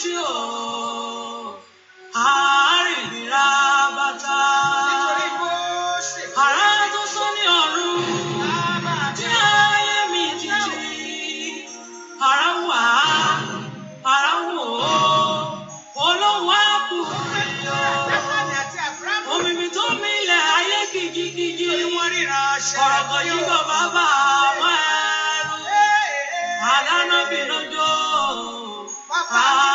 títí o àárínira bàtà. nítorí bó ṣe. ará tó sọ ní ọ̀run tí ayé mi ti jí ara wà ara wò ó olówó àpò rẹ̀ omi mi tó mi lẹ̀ ọ̀rọ̀ kan yí bọ̀ bàbá àwọn ẹrú àdánù bínú jọ. Bye.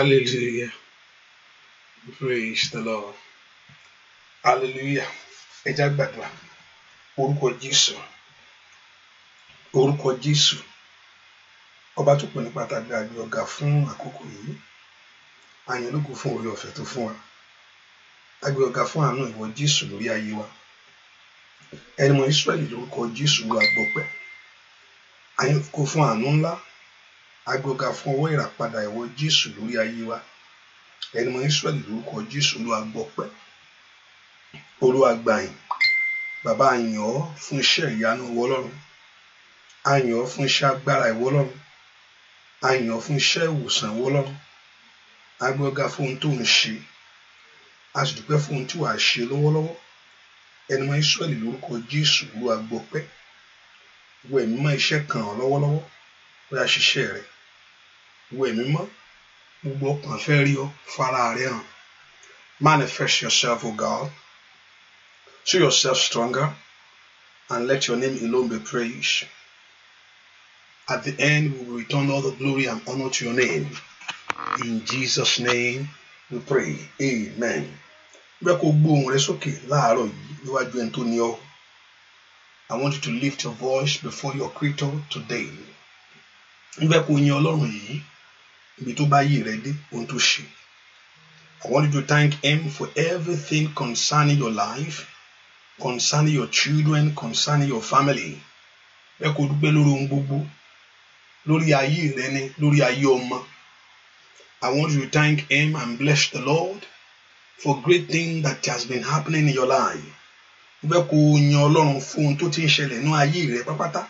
Hallelujah. Praise the Lord. Hallelujah. Ẹ já gbàdúrà. Orúkọ Jésù. Orúkọ Jésù. Ọba tó pè ní pàtàkì àgbẹ̀ ọ̀gá fún àkókò yìí. Àyànlógún fún orí ọ̀fẹ́ tó fún wa. Àgbẹ̀ ọ̀gá fún àánú ìwọ Jésù lórí ayé wa. Ẹni mọ̀ Ísírẹ́lì lórúkọ Jésù ló agbọ̀pẹ̀. Àyànlógún fún àánú ńlá agbóga fún ọwọ́ ìràpadà ìwọ jésù lórí ayé wa ẹni mọ israẹli lórúkọ jésù olúwa gbọpẹ́ olúwa gbàyìn bàbá àyàn ọ fún iṣẹ́ ìyanu ìwọ Ọlọ́run àyàn ọ fún iṣẹ́ agbára ìwọ Ọlọ́run àyàn ọ fún iṣẹ́ ìwòsàn ìwọ Ọlọ́run agbóga fún ohun tó ń ṣe a fún ohun tí wàá ṣe lọ́wọ́lọ́wọ́ ẹni mọ israẹli lórúkọ jésù olúwa gbọpẹ́ wọ ẹ̀mí iṣẹ́ kan lọ́wọ́lọ́wọ́ bóyá ṣiṣẹ́ rẹ wo ẹ̀mí mọ́ gbogbo ọkàn fẹ́ rí ọ fara rẹ hàn manifest yourself o God show yourself stronger and let your name alone be praised at the end we will return all the glory and honor to your name in Jesus name we pray amen bẹ́ẹ̀ kó gbó ohùn rẹ sókè láàárọ̀ yìí níwájú ẹni tó ní ọ I want you to lift your voice before your creator today. ń kó yin ọlọ́run yìí ibi tó bá yí rẹ dé ohun tó ṣe I want you to thank him for everything concerning your life concerning your children concerning your family ẹ kò dúpẹ́ lórí ohun gbogbo lórí ayé rẹ ni lórí ayé ọmọ I want you to thank him and bless the Lord for great things that has been happening in your life ẹ kò yin ọlọ́run fún ohun tó ti ń ṣẹlẹ̀ ní ayé rẹ pátápátá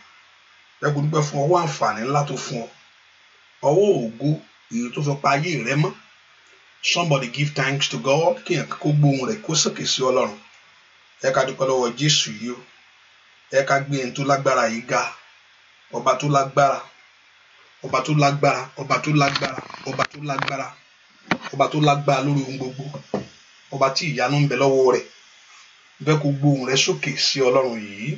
dẹ́gbẹ́ dúpẹ́ fún ọwọ́ àǹfààní ńlá tó fún ọ ọwọ́ ògo èyí tó fi pa ayé rẹ mọ́ somebody give thanks to God kí èèyàn kó gbóhùn rẹ̀ kó sókè sí ọlọ́run ẹ ká dúpẹ́ lọ́wọ́ Jésù yìí o ẹ ká gbé ẹni tó lágbára yìí ga ọba tó lágbára ọba tó lágbára ọba tó lágbára ọba tó lágbára ọba tó lágbára lórí ohun gbogbo ọba tí ìyanu ń bẹ lọ́wọ́ rẹ̀ bẹ́ẹ̀ kó gbóhùn rẹ̀ sókè sí ọlọ́run yìí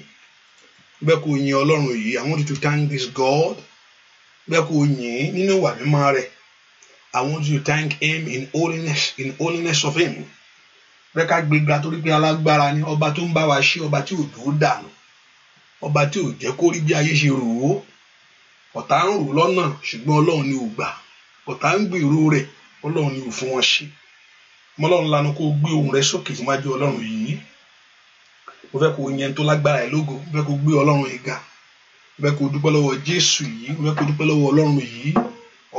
bẹ́ẹ̀ kò yin ọlọ́run yìí I want you to thank this God bẹ́ẹ̀ kò yin nínú ìwà mímọ́ rẹ̀ I want you to thank him in holiness in holiness of him bẹ́ẹ̀ ká gbégbá torí pé alágbára ni ọba tó ń bá wa ṣe ọba tí ò dúró dànù ọba tí ò jẹ́ kó rí bí ayé ṣe rò ó ọ̀tá ń rò lọ́nà ṣùgbọ́n ọlọ́run ni ò gbà ọ̀tá ń gbèrò rẹ̀ ọlọ́run ni ò fún wọn ṣe mọ́lọ́run lanu kó gbé ohùn rẹ sókè síwájú ọlọ́run yìí mo fẹ́ kó yẹn tó lágbára ẹ̀ lógo mo fẹ́ kó gbé ọlọ́run ẹ̀ ga mo fẹ́ kó dúpẹ́ lọ́wọ́ jésù yìí mo fẹ́ kó dúpẹ́ lọ́wọ́ ọlọ́run yìí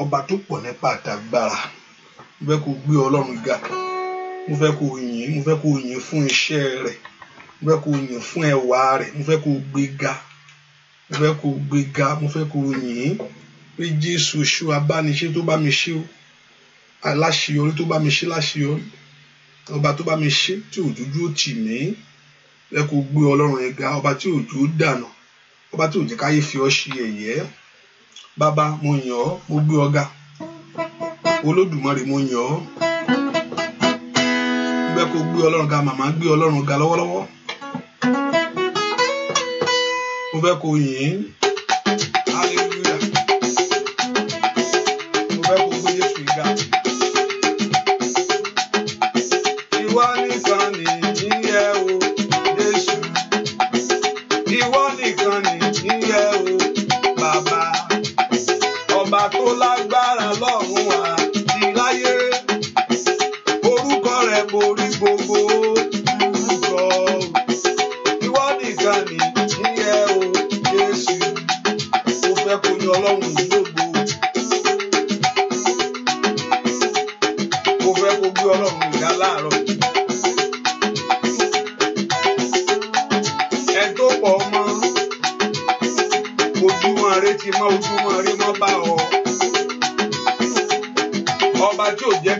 ọba tó pọ̀ nípa àtàgbára mo fẹ́ kó gbé ọlọ́run ga mo fẹ́ kó yìn mo fẹ́ kó yìn fún iṣẹ́ rẹ̀ mo fẹ́ kó yìn fún ẹwà rẹ̀ mo fẹ́ kó gbé ga mo fẹ́ kó gbé ga mo fẹ́ kó yìn pé jésù ṣó abániṣe tó bá mi ṣe o aláṣeyọrí tó bá mi ṣe láṣeyọrí ọba tó bá mi ṣe tí òjòjú ó tì mí. ẹ gbé ọlọ́run yẹn ga ọba tí òjò dànù ọba tí òjò káyé fi ọ́ ṣe ẹ̀yẹ́ bàbá mo yàn ọ́ mo gbé ọ ga olódùmarè mo yàn ọ́ gbẹ gbé ọlọ́run ga màmá gbé ọlọ́run ga lọ́wọ́lọ́wọ́ mo fẹ́ kó yìn ín. méjì mọ́ ojú mọ́ rí mọ́ bá ọ. ọba tí ò jẹ́.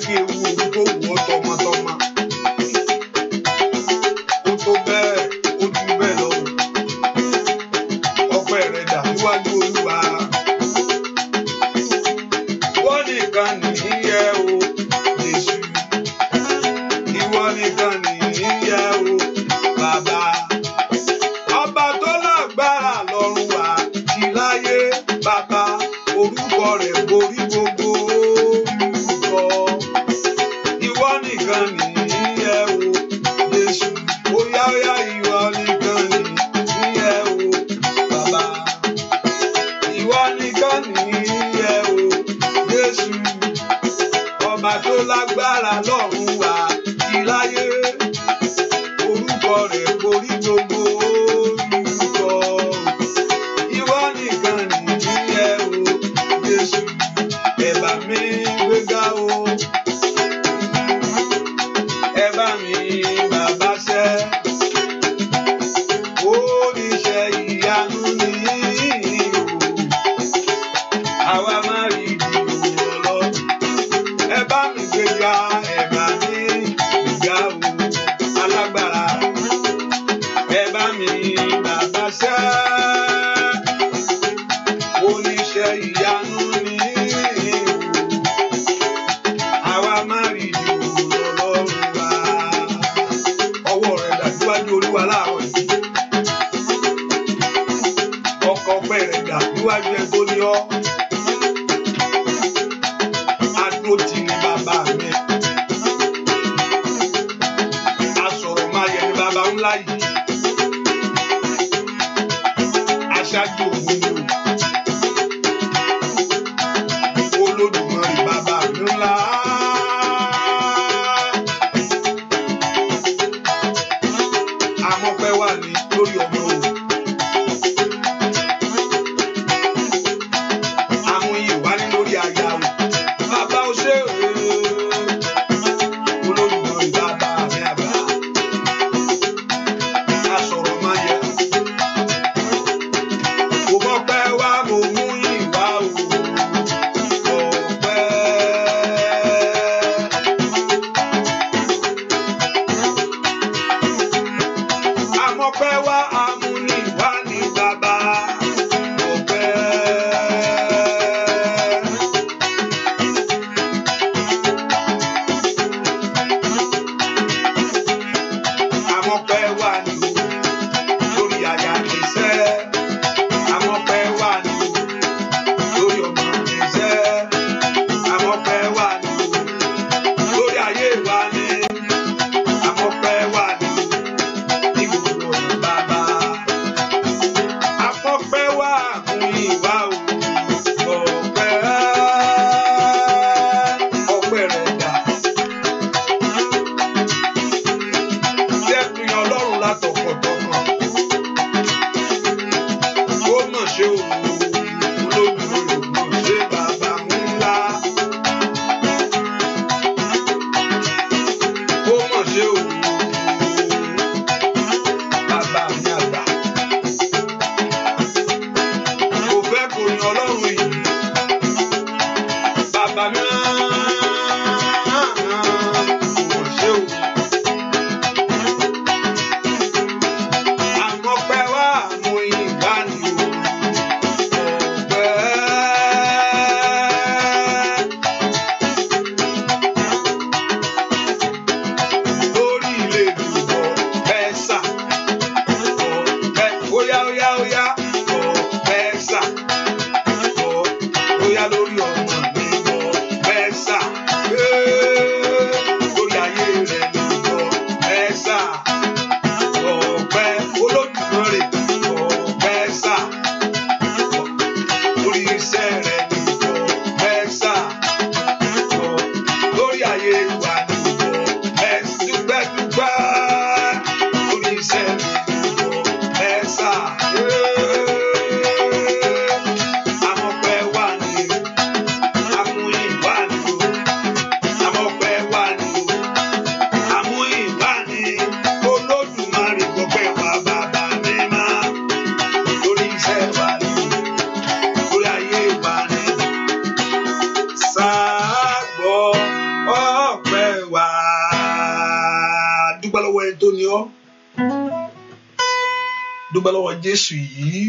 Jésù yìí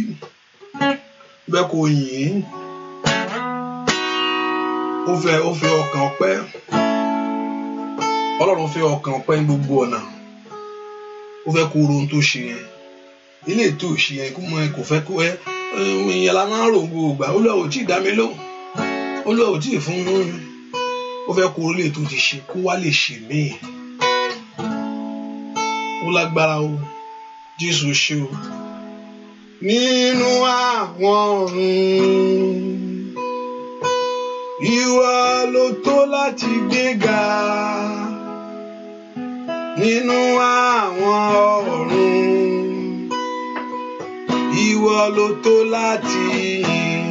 bẹ kò yìn ó fẹ́ ó fẹ́ ọkàn ọpẹ́ Ọlọ́run fẹ́ ọkàn ọpẹ́ ní gbogbo ọ̀nà ó fẹ́ kó ronú tó ṣe yẹn ilé ètò òṣì yẹn kó mọ ẹ kò fẹ́ kó ẹ ìyẹn la máa ń rò gbogbo ìgbà ó lọ́wọ́ tí ì dá mi lóhùn ó lọ́wọ́ tí ì fún mi ó fẹ́ kó orílẹ̀ ètò ti ṣe kó wá lè ṣe míì ó lágbára o Jésù ṣe o nínú àwọn ọ̀run. Ìwọ ló tó láti gbéga nínú àwọn ọ̀run. Ìwọ ló tó láti yìn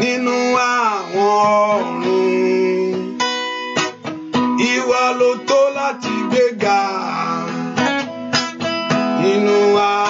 nínú àwọn ọ̀run. Ìwọ ló tó láti gbéga nínú àwọn.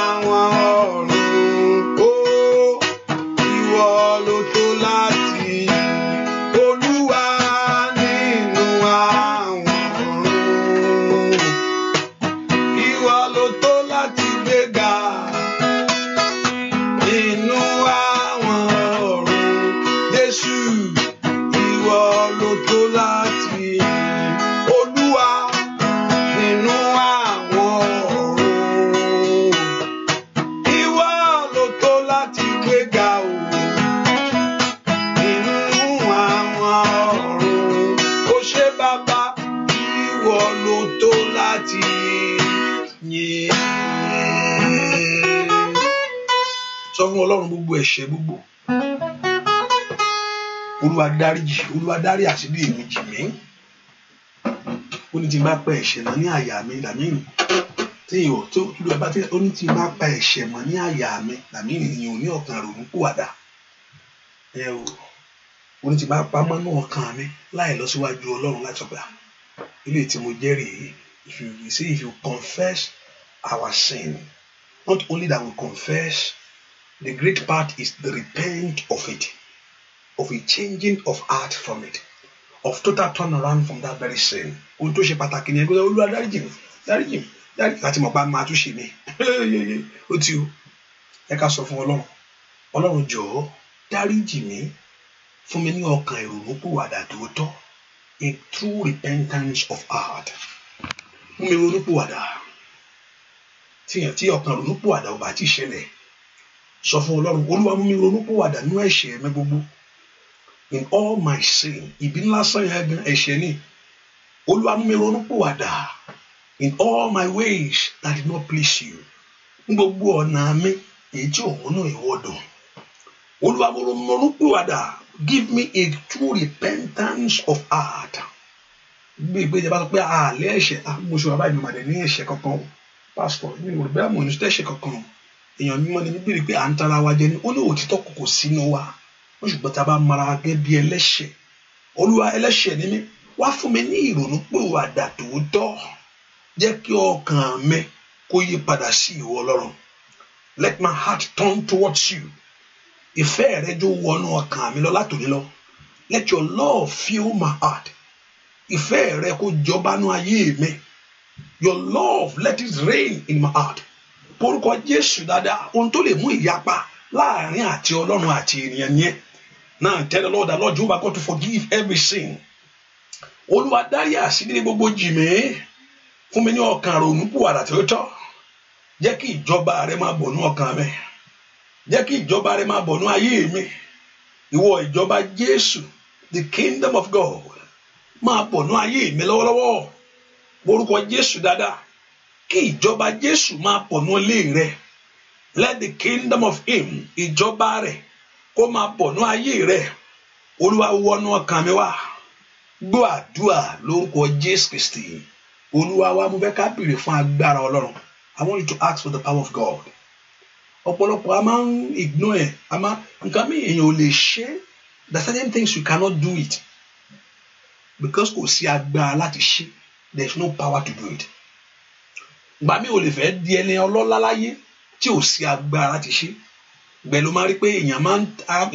fún ọlọ́run gbogbo ẹ̀ṣẹ̀ gbogbo olúwa dáríjì olúwa dárí àṣírí èmi jì mí ó ní tí n bá pa ẹ̀ṣẹ̀ mọ́ ní àyà mi làmí ìrìn tí ìwọ tó olúwa bá tẹ ó ní tí n bá pa ẹ̀ṣẹ̀ mọ́ ní àyà mi làmí ìyẹn ò ní ọ̀kan ròmú kúwàdà ẹ o ó ní tí n bá pa mọ́ ní mi láì lọ síwájú ọlọ́run láti ọgbà ilé tí mo jẹ́rìí if you see if you confess our sin not only that we confess The great part is the repent of it, of a changing of heart from it, of total turnaround from that very sin. Ohun tó ṣe pàtàkì ni ẹgbẹ́ olúwa dáríjì mi, dáríjì mi, dáríjì láti mọ̀ pa máa tún ṣe mi. Ó ti o, ẹ ká sọ fún Ọlọ́run, Ọlọ́run jọ̀ọ́ dáríjì mi fún mi ní ọkàn ìrònúpìwàdà tòótọ́ a true repentance of heart. Mú mi ronúpìwàdà tí ọkàn ìrònúpìwàdà ò bá ti ṣẹlẹ̀. sọ fún ọlọ́run olúwa mú mi ronú kó gbogbo in all my sin ìbí lásán yẹn gan ẹ̀ṣẹ̀ ni olúwa mú mi in all my ways that did not please you gbogbo ọ̀nà mi èyí tí òun náà ìwọ dùn olúwa mú give me a true repentance of heart bí ìgbé sọ pé àlẹ́ ẹ̀ṣẹ̀ ah, ní ẹ̀ṣẹ̀ kankan èèyàn mímọ́ ni bíbélì pé à ń tara wa jẹ ní ó ní òtítọ́ kò kò sínú wa ó ṣùgbọ́n tá a bá mara gẹ́gẹ́ bí ẹlẹ́ṣẹ̀ olúwa ẹlẹ́ṣẹ̀ ni mí wá fún mi ní ìrònú pé òwò àdà tòótọ́ jẹ́ kí ọkàn mi kó yí padà sí ìwọ ọlọ́run let my heart turn towards you ìfẹ́ rẹ jó wọnú ọkàn mi lọ látòní lọ let your love fill my heart ìfẹ́ rẹ kó jọba nú ayé mi your love let it reign in my heart porúkọ jésù dáadáa ohun tó lè mú ìyapa láàrin àti ọlọ́run àti ènìyàn yẹn náà tell the Lord that Lord Jehovah God to forgive every sin olúwa dárí àṣírí gbogbo jìmẹ́ fún mi ní ọkàn ronú pùwàrà tí ó tọ́ jẹ́ kí ìjọba rẹ máa bọ̀ ní ọkàn mi jẹ́ kí ìjọba rẹ máa bọ̀ ní ayé mi ìwọ ìjọba jésù the kingdom of God máa bọ̀ ní ayé mi lọ́wọ́lọ́wọ́ orúkọ jésù dáadáa kí ìjọba Jésù máa pọ̀ ní ilé rẹ let the kingdom of him ìjọba rẹ̀ kó máa pọ̀ ní ayé rẹ olúwa wọnú ọkàn mi wá gbọ́ àdúrà lórúkọ Jésù Kristi olúwa wa mo fẹ́ ká béèrè fún agbára Ọlọ́run I want you to ask for the power of God ọ̀pọ̀lọpọ̀ a máa ń ignore ẹ̀ a máa nǹkan mi èèyàn ò lè ṣe there are certain things you cannot do it because kò sí agbára láti ṣe there is no power to do it gbà mí ò lè fẹ́ di ẹni ọlọ́lá láyé tí ò sí agbára ti ṣe bẹ́ẹ̀ máa rí pé èèyàn máa ń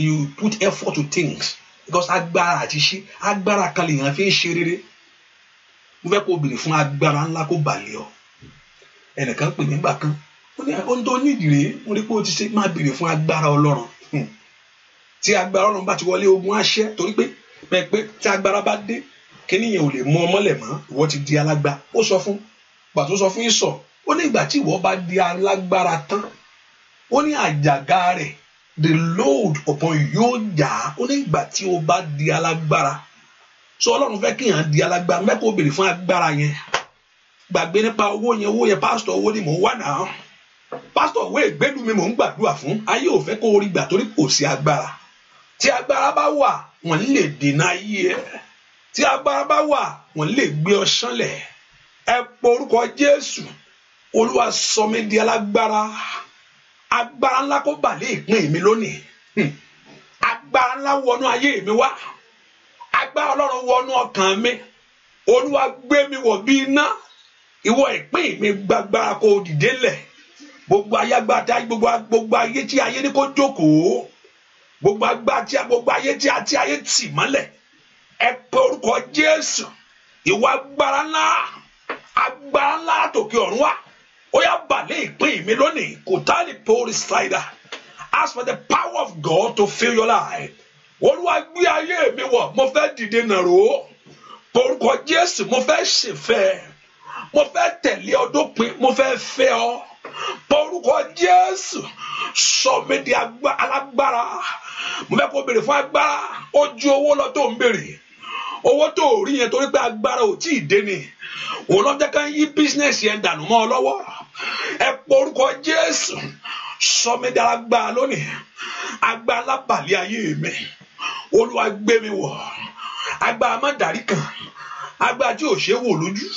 you put effort to things because agbára àti ṣe agbára kan lèèyàn fi ń ṣe rere mo fẹ́ kó obìnrin fún agbára ńlá kó balẹ̀ ọ ẹnìkan pè mí gbà kan ó ní ohun tó nídìí rèé mo rí pé ó ti ṣe máa béèrè fún agbára ọlọ́run hmm. tí agbára ọlọ́run bá ti wọlé ogun àṣẹ torí pé pé pé tí agbára bá dé kíníyàn ò lè mú ọmọlẹ̀ mọ́ ìwọ ti di alágbá ó sọ fún un gbà tó sọ fún ìsọ̀ ó ní ìgbà tí ìwọ bá di alágbára tán ó ní àjàgà rẹ̀ the load upon yóò jà ó ní ìgbà tí o bá di alágbára so ọlọ́run fẹ́ kí èèyàn di alágbára mẹ́kọ̀ọ́ béèrè fún agbára yẹn gbàgbé nípa owó yẹn owó yẹn pásítọ̀ owó ni mò ń wà náà pásítọ̀ owó ìgbẹ́dù mi mò ń gbàdúrà fún ayé ò fẹ́ kó o rí gbà torí kò sí agbára tí agbára bá wà wọ́n lè dènà ayé ẹ̀ tí agbára bá wà wọ́n lè gbé ọ sánlẹ̀ ẹ pọ orúkọ jésù olúwa sọ mí di alágbára agbára ńlá kó bà lé ìpín mi lónìí hmm. agbára ńlá wọnú ayé mi wá agbára ọlọ́run wọnú ọkàn mi olúwa gbé mi wọ̀ bí iná ìwọ ìpín mi gbàgbára kó dìde lẹ̀ gbogbo ayé gbogbo gbogbo ayé tí ayé ní kó jókòó gbogbo agbá gbogbo ayé tí ayé tì mọ́lẹ̀ ẹ pè jésù ìwọ agbára ńlá agbára ńlá látòkè ọ̀run wá ó yá balẹ̀ ìpín mi lónìí kò tá lè pori slider ask for the power of God to fill your life olúwa gbé ayé mi wọ̀ mo fẹ́ dìde nàró porúkọ jésù mo fẹ́ ṣèfẹ́ mo fẹ́ tẹ̀lé ọdọ́pin mo fẹ́ fẹ́ ọ porúkọ jésù sọ mi di alágbára mo fẹ́ kó béèrè fún agbára ó ju owó lọ tó ń béèrè owó tó o rí yẹn torí pé agbára ò tí ì dé ni òun lọ́jọ́ kan yí bísínẹ́sì yẹn dànù mọ́ ọ lọ́wọ́ ẹ porúkọ Jésù sọmídára gbà lónìí agbá alábàlẹ̀ ayé mi Olúwa gbé mi wọ̀ agbá amádàrí kan agbá tí ò ṣe wò lójú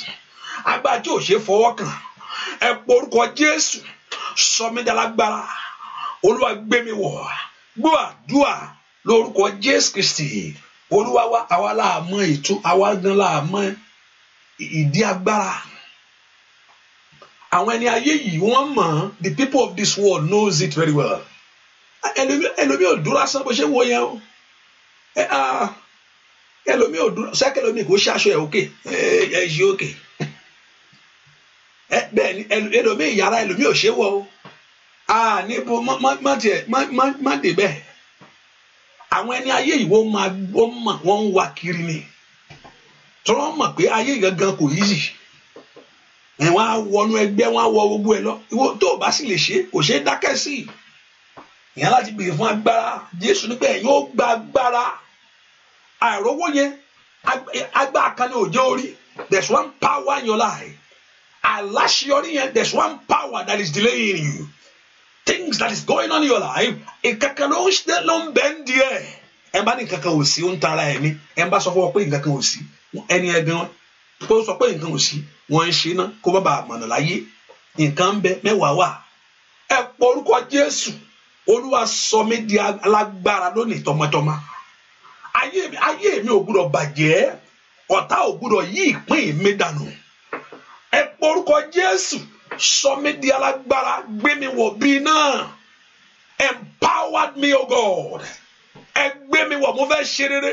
agbá tí ò ṣe fọwọ́ kàn ẹ porúkọ Jésù sọmídára gbára Olúwa gbé mi wọ̀ gbọ́ àdúrà lórúkọ Jésù Kristi olúwa wa àwa láàmọ ètò àwa gan láàmọ ìdí agbára àwọn ẹni ayé yìí wọ́n mọ̀ the people of this world knows it very well ẹlòmí ò dúró asán bó ṣe wo yẹn o ẹlòmí ò dúró sẹkẹlòmí kò ṣaṣọ ẹ òkè ẹ ṣe òkè bẹ́ẹ̀ni ẹlòmí ìyàrá ẹlòmí ò ṣe wọ o níbo má tiẹ̀ má dé bẹ́ẹ̀ àwọn ẹni ayé yìí wọ́n máa wọ́n mọ̀ wọ́n ń wa kiri ni tí wọ́n mọ̀ pé ayé gangan kò easy ẹ̀ wọ́n á wọnú ẹgbẹ́ wọ́n á wọ gbogbo ẹ̀ lọ ìwọ tó o bá sì lè ṣe kò ṣe é dákẹ́ sí i ìyẹn láti béèrè fún agbára Jésù nígbà yẹn yóò gba agbára àìrówó yẹn agbára kan ní òjò orí there's one power in your life àláṣeyọrí yẹn there's one power that is delaying you things that is going on in your life ìkankan ló ń bẹ ń di ẹ̀ ẹ bá ní nǹkankan ò sí ó ń tara ẹ̀ ní ẹ bá sọ fún ọ pé nǹkankan ò sí ẹni ẹ gan kó sọ pé nǹkan ò sí wọn ń ṣe náà kó má bàa láyé nǹkan ń bẹ mẹ́wàá wà ẹ pọ̀ orúkọ Jésù Olúwa sọ mí di alágbára lónìí tọmọtọmọ ayé mi ayé mi ò gbúdọ̀ bàjẹ́ ọ̀tá ò gbúdọ̀ yí ìpín mi dànù ẹ pọ̀ orúkọ Jésù sọ mí di alágbára gbé mi wọ̀ bí náà empowered me o God ẹ gbé mi wọ̀ mo fẹ́ ṣe rere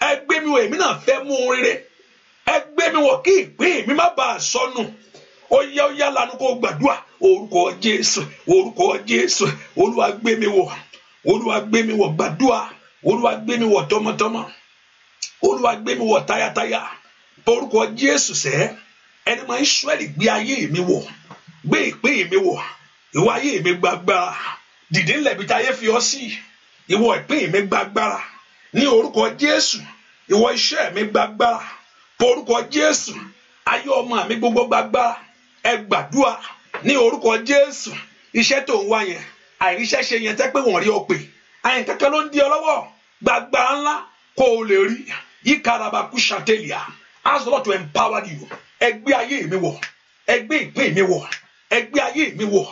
ẹ gbé mi wọ̀ èmi náà fẹ́ mú un rere ẹ gbé mi wọ̀ kí ìpín mi má bàa sọnù ó yá ó yá lanu kó gbàdúrà orúkọ Jésù orúkọ Jésù Olúwa gbé mi wọ̀ Olúwa gbé mi wọ̀ gbàdúrà Olúwa gbé mi wọ̀ tọmọtọmọ Olúwa gbé mi wọ̀ tayátayá orúkọ Jésù sẹ́ẹ́ ẹni mọ Ísírẹ́lì gbé ayé mi wọ̀ gbé ìpín mi wọ̀ ìwọ ayé mi gbàgbára dìde ńlẹ̀bi táyé fi ọ́ sí ìwọ ìpín mi gbàgbára ní orúkọ Jésù ìwọ iṣẹ́ mi gbàgbára po orúkọ Jésù ayé ọmọ mi gbogbo gbàgbára ẹ gbàdúrà ní orúkọ Jésù iṣẹ́ tó ń wá yẹn àìríṣẹ́ ṣe yẹn tẹ́ pé wọ́n rí ọ pé àyìn kankan ló ń di ọ lọ́wọ́ gbàgbára ńlá kó o lè rí yíkàràbà kú ṣàtẹ̀lìyà ask God to empower you ẹgbẹ́ ayé mi wọ̀ ẹgbẹ́ ìpín mi wọ̀ ẹgbẹ́ ayé mi wọ̀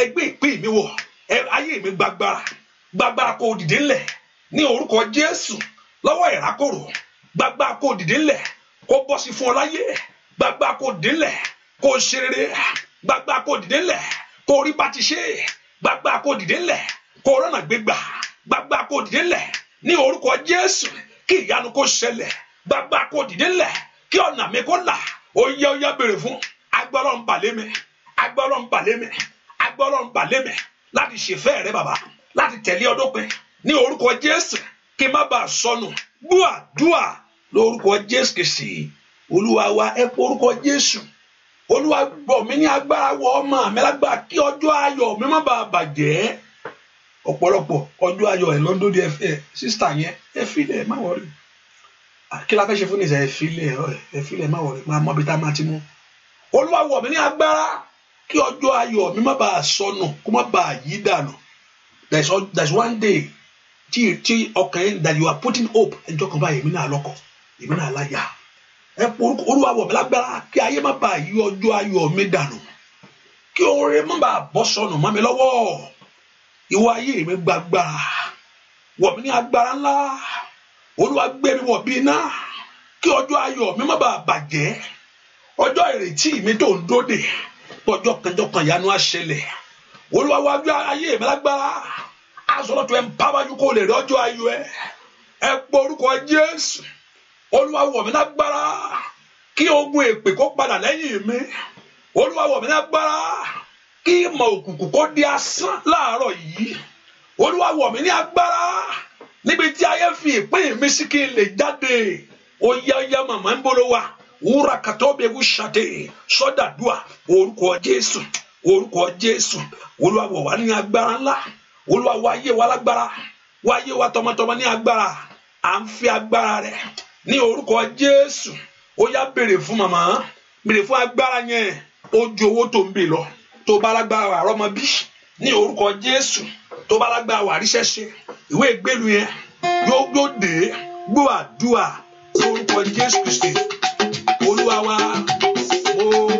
ẹgbẹ́ ìpín mi wọ̀ ayé mi gbagbára gbagbára kó dìde ńlẹ̀ ní orúkọ Jésù lọ́wọ́ ìrákòrò gbagbára kó dìde ńlẹ̀ kó bọ́ sí fún ọ láyé gbagbára kó dìde ńlẹ̀ kó ṣe rere gbagbára kó dìde ńlẹ̀ kó rí bá ti ṣe gbagbára kó dìde ńlẹ̀ kó rọ́nà gbégbà gbagbára kó dìde ńlẹ̀ ní orúkọ Jésù kí ìyanu kó ṣẹlẹ̀ gbagbára kó dìde ńlẹ̀ kí ọ̀nà mi kó là ó yá ó yá béèrè fún agbọ́rọ̀ ń bà lémi agbọ́rọ̀ ń bà lémi agbọ́rọ̀ ń bà lémi láti ṣèfẹ́ rẹ bàbá láti tẹ̀lé ọdún pẹ́ ní orúkọ Jésù kí n má bàa sọnù gbúàdúà lórúkọ Jésù kìsì olúwa wa ẹ pé orúkọ Jésù olúwa gbọ́ mi ní agbára wọ ọmọ mi lágbára kí ọjọ́ ayọ̀ mi má bàa bàjẹ́ ọ̀pọ̀lọpọ̀ ọjọ́ ayọ̀ ẹ̀ lọ́ndọ́dẹ ẹ sísítà yẹn ẹ fi lẹ̀ má wọrí kí la ṣe fún ní ìsẹ̀ ẹ̀fílẹ̀ má wọ̀rẹ̀ máa mọ́bi tá a máa ti mú. olúwa wọ̀ mí ní agbára kí ọjọ́ ayọ̀ mi má bàa sọnù kó má bàa yí dànù there is one day tí tí ọkàn yẹn that you are putting hope ẹjọ́ kan báyìí èmi náà lọ́kọ èmi náà láyà ẹ orúkọ olúwa wọ̀ mí lágbára kí ayé má bàa yí ọjọ́ ayọ̀ mi dànù kí oore má bàa bọ́ sọnù mọ́ mi lọ́wọ́ ìwọ ayé mi gbàgbà wọ̀ mí ní agbára ńlá olúwa gbé mi wọ̀ bí iná kí ọjọ́ ayọ̀ mi má bàa bàjẹ́ ọjọ́ ìrètí mi tó ń dóde ọjọ́ kanjọ́ kan ìyanu á ṣẹlẹ̀ olúwa wá bí ayé mi lágbára aṣọ́nà tó ẹ̀ ń pàwájú kó lè rí ọjọ́ ayọ̀ ẹ̀ ẹ pọ orúkọ jésù olúwa wọ̀ lágbára kí ogun èpè kó padà lẹ́yìn mi olúwa wọ̀ lágbára kí ìmọ̀ òkùnkùn kó di asán láàárọ̀ yìí olúwa wọ̀ ní agbára níbi tí ayé fi ìpín mi sí kí n lè jáde ó yá màmá ń bolo wa wúrà kàtọ́ bẹ wú ṣàdé sọ́dàdúà orúkọ Jésù orúkọ Jésù Olúwa wọ̀ wá ní agbára ńlá Olúwa wá ayé wa lágbára wá ayé wa tọmọtọmọ ní agbára à ń fi agbára rẹ ní orúkọ Jésù ó yá béèrè fún màmá béèrè fún agbára yẹn ó ju owó tó ń bè lọ tó bá lágbára wà rọmọ bí ní orúkọ Jésù tó bá lágbára wà ríṣẹ́ ìwé ìgbélu yẹn yóò yóò dé gbọ́ àdúrà lórúkọ Jésù Kristi olúwa wa mo. Oh.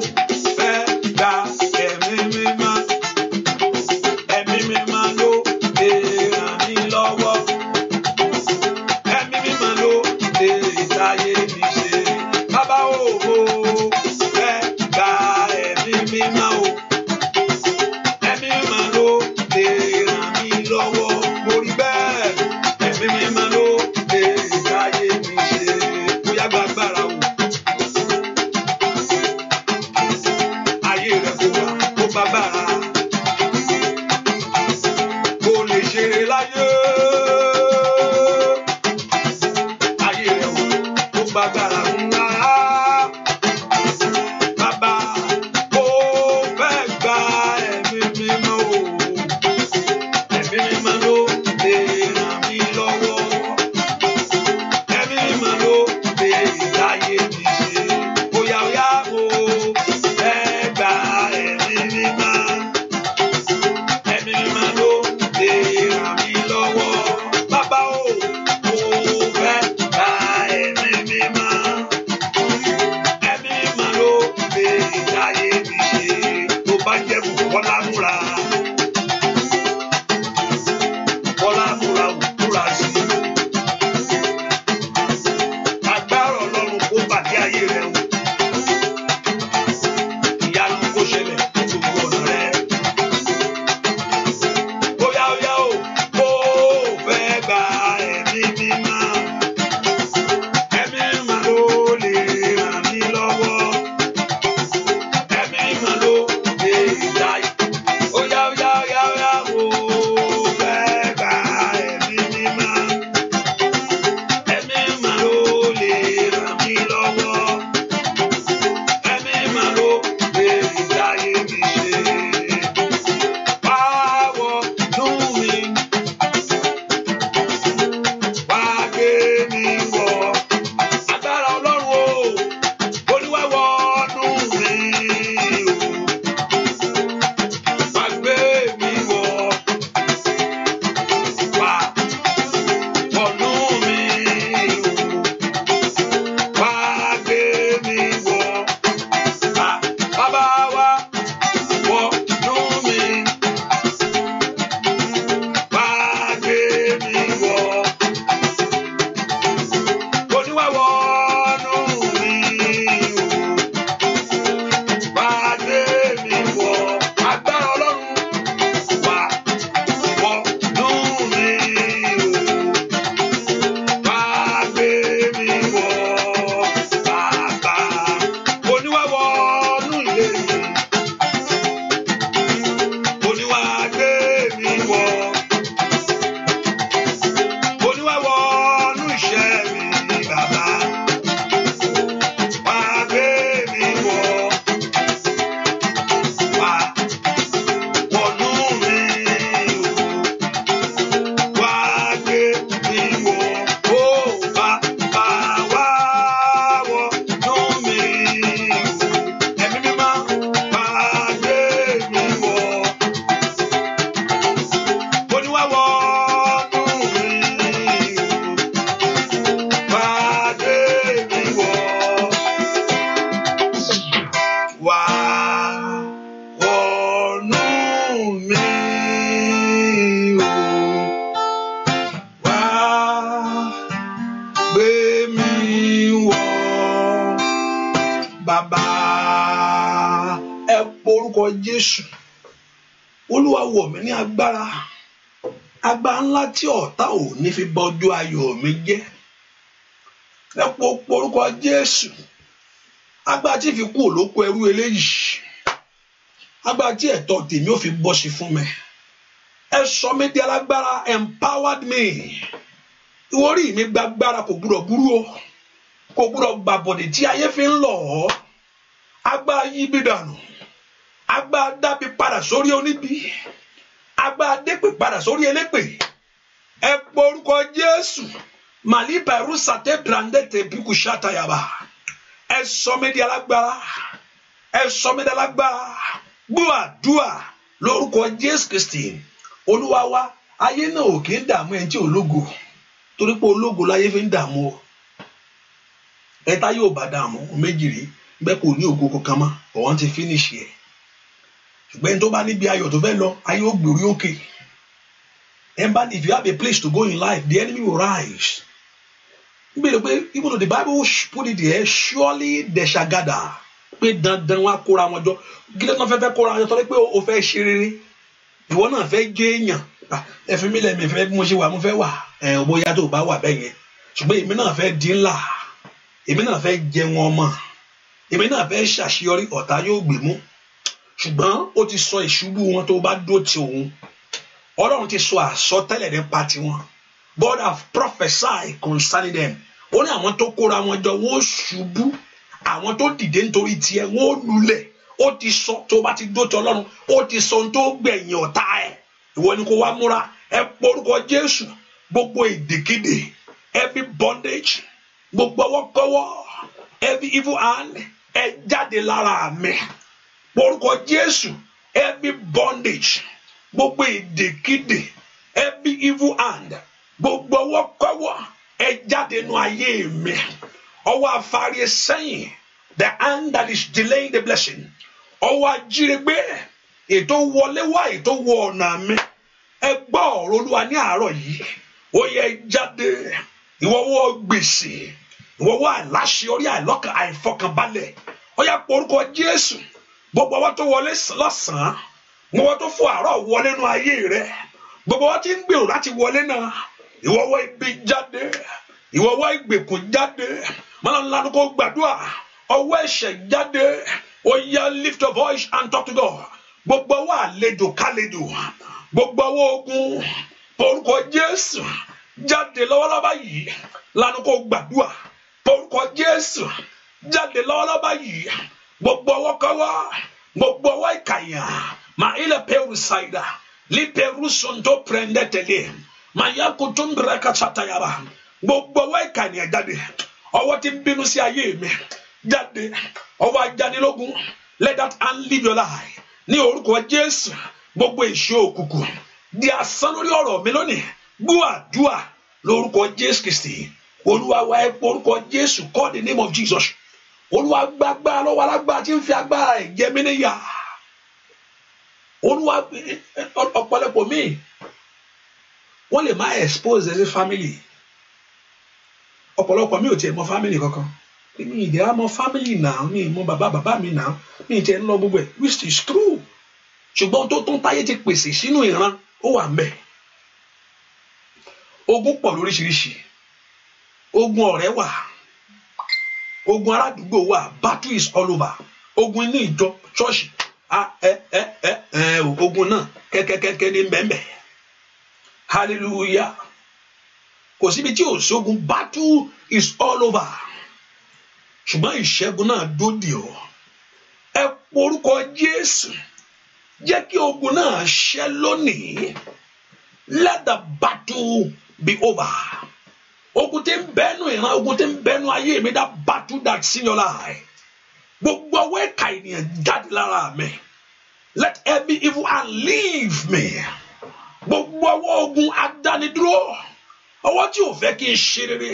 jésù agbára tí fi kúrò lóko ẹrú eléyìí agbára tí ẹ̀tọ́ tèmi ò fi bọ́ sí fún mi ẹ sọ mi di alágbára empowered me ìwọ orí mi gbàgbára kò gbúdọ̀ burú o kò gbúdọ̀ gbàbọ̀dẹ̀ tí ayé fi ń lọ̀ ọ́ agbára yí bí dànù agbára dábì padà sórí oníbi agbára dépè padà sórí elépè ẹ pọ orúkọ jésù màlíbà ẹrú sàtẹ brandẹ tẹ bíkú ṣàtàyàbà ẹ sọ mí di alágbára ẹ sọ mí di alágbára gbọ́ àdúà lórúkọ Jésù Kristi olúwa wa ayé náà ò kí ń dààmú ẹni tí ológo torí pé ológo láyé fi ń dààmú ọ ẹta yóò bá dààmú méjì rí bẹ́ẹ̀ kò ní ògo kankan mọ́ ọ̀hún ti fínísì ẹ̀ ṣùgbọ́n tó bá níbi ayọ̀ tó fẹ́ lọ ayé ó gbòrí òkè and if you have a place to go in life the enemy will rise gbèrè pé even though the bible put it there surely they shall gather pé dandan wá kóra wọn jọ gílẹ̀ náà fẹ́ fẹ́ kóra wọn jọ torí pé o fẹ́ ṣe rere ìwọ náà fẹ́ jẹ́ èèyàn ah, ẹ fi mí lẹ́mìí fẹ́ bí mo ṣe wà mo fẹ́ wà ẹ ò bóyá tó bá wà bẹ́ẹ̀ yẹn ṣùgbọ́n èmi náà fẹ́ dín là èmi náà fẹ́ jẹ wọn mọ́ èmi náà fẹ́ ṣàṣeyọrí ọ̀tá yóò gbè mú ṣùgbọ́n ó ti sọ ìṣubú wọn tó bá dó ti òun ọlọ́run ti sọ àsọtẹ́lẹ̀ nípa tiwọn God have prophesied concerning them ó ní àwọn tó kóra wọn jọ wọn ó ṣubú àwọn tó dìde nítorí tiẹ̀ wọn ó lulẹ̀ ó ti sọ tó bá ti dó ti Ọlọ́run ó ti sọ ohun tó gbẹ̀yìn ọ̀tá ẹ̀ ìwọ ni kó wá múra ẹ porúkọ Jésù gbogbo ìdìkidì every bondage gbogbo ọwọ́kọ́wọ́ every evil hand ẹ jáde lára mi porúkọ Jésù every bondage gbogbo ìdìkidì every evil hand. gbogbo ọwọ kọwọ, ẹ jáde ayé mi ọwọ afárí sẹ́yìn the hand that is delaying the blessing ètò wọlé wọ ọ̀nà mi ẹ gbọ́ ọ̀rọ̀ olúwa ní àárọ̀ yìí ó yẹ jáde ìwọ́wọ́ gbèsè ìwọ́wọ́ àláṣẹ orí àìlọ́kàn àìfọkànbalẹ̀ ó gbogbo tó wọlé lọ́sàn-án gbogbo tó fún àárọ̀ wọlé ayé rẹ gbogbo tí ń gbèrò láti wọlé náà ìwọ́wọ́ ibi jáde ìwọ́wọ́ ìgbèkùn jáde mọ́nà ńlá ni kò gbàdúrà ọwọ́ ẹ̀ṣẹ̀ jáde ó yá lift your voice and talk to God gbogbo ọwọ́ àlejò kálejò gbogbo ọwọ́ ogun orúkọ Jésù jáde lọ́wọ́lọ́wọ́ yìí lanu kò gbàdúrà orúkọ Jésù jáde lọ́wọ́lọ́wọ́ yìí gbogbo ọwọ́ kọ́wọ́ gbogbo ọwọ́ ìkàyà mà ilẹ̀ pẹ̀rù ṣàìdá lípẹ̀rù sọ̀ńtò pẹ̀rẹ̀ndẹ̀tẹ̀lẹ̀ màyà kutu mbẹrẹ kàtà tayara gbogbo ọwọ́ ìka ènìyàn jáde ọwọ́ tí ń bínú sí ayé mi jáde ọwọ́ ajánilógún let that hand leave your life ní orúkọ Jésù gbogbo èṣù òkùnkùn di asán lórí ọ̀rọ̀ mi lónìí gbúàdúà lórúkọ Jésù Kristi olúwa wa ẹ pé orúkọ Jésù call the name of Jesus olúwa gbàgbà lọ́wọ́ alágbà tí ń fi agbára ẹ̀ e jẹ mí níyà olúwa ọ̀pọ̀lọpọ̀ eh, eh, eh, míì wọ́n lè má expose ẹ sí family ọ̀pọ̀lọpọ̀ mi ò tiẹ̀ mọ family kankan mi ìdè á mọ family náà mi mọ bàbá bàbá mi náà mi ìtẹ̀ ń lọ gbogbo ẹ̀ which is true ṣùgbọ́n tó tún táyé ti pèsè sínú ìran ó wà ń bẹ̀ ogun pọ̀ lóríṣiríṣi ogun ọ̀rẹ́ wà ogun aládùúgbò wà battle is all over ogun inú ìjọ ṣọ́ọ̀ṣì ogun náà kẹ́kẹ́kẹ́kẹ́ ní bẹ́ẹ̀ bẹ́ẹ̀ hallelujah kò síbi tí ò sógun battle is all over ṣùgbọ́n ìṣẹ́gun náà dòdì ọ́ ẹ porúkọ Jésù jẹ́ kí ogun náà ṣẹ́ lónìí let the battle be over ogun tí ń bẹ́nu ìran ogun tí ń bẹ́nu ayé mi that battle that's in your life gbogbo ọwọ́ ẹ̀ka ènìyàn jáde lára mi let every evil hand leave me gbogbo ọwọ́ ogun adánidúró ọwọ́ tí ò fẹ́ kí n ṣe rere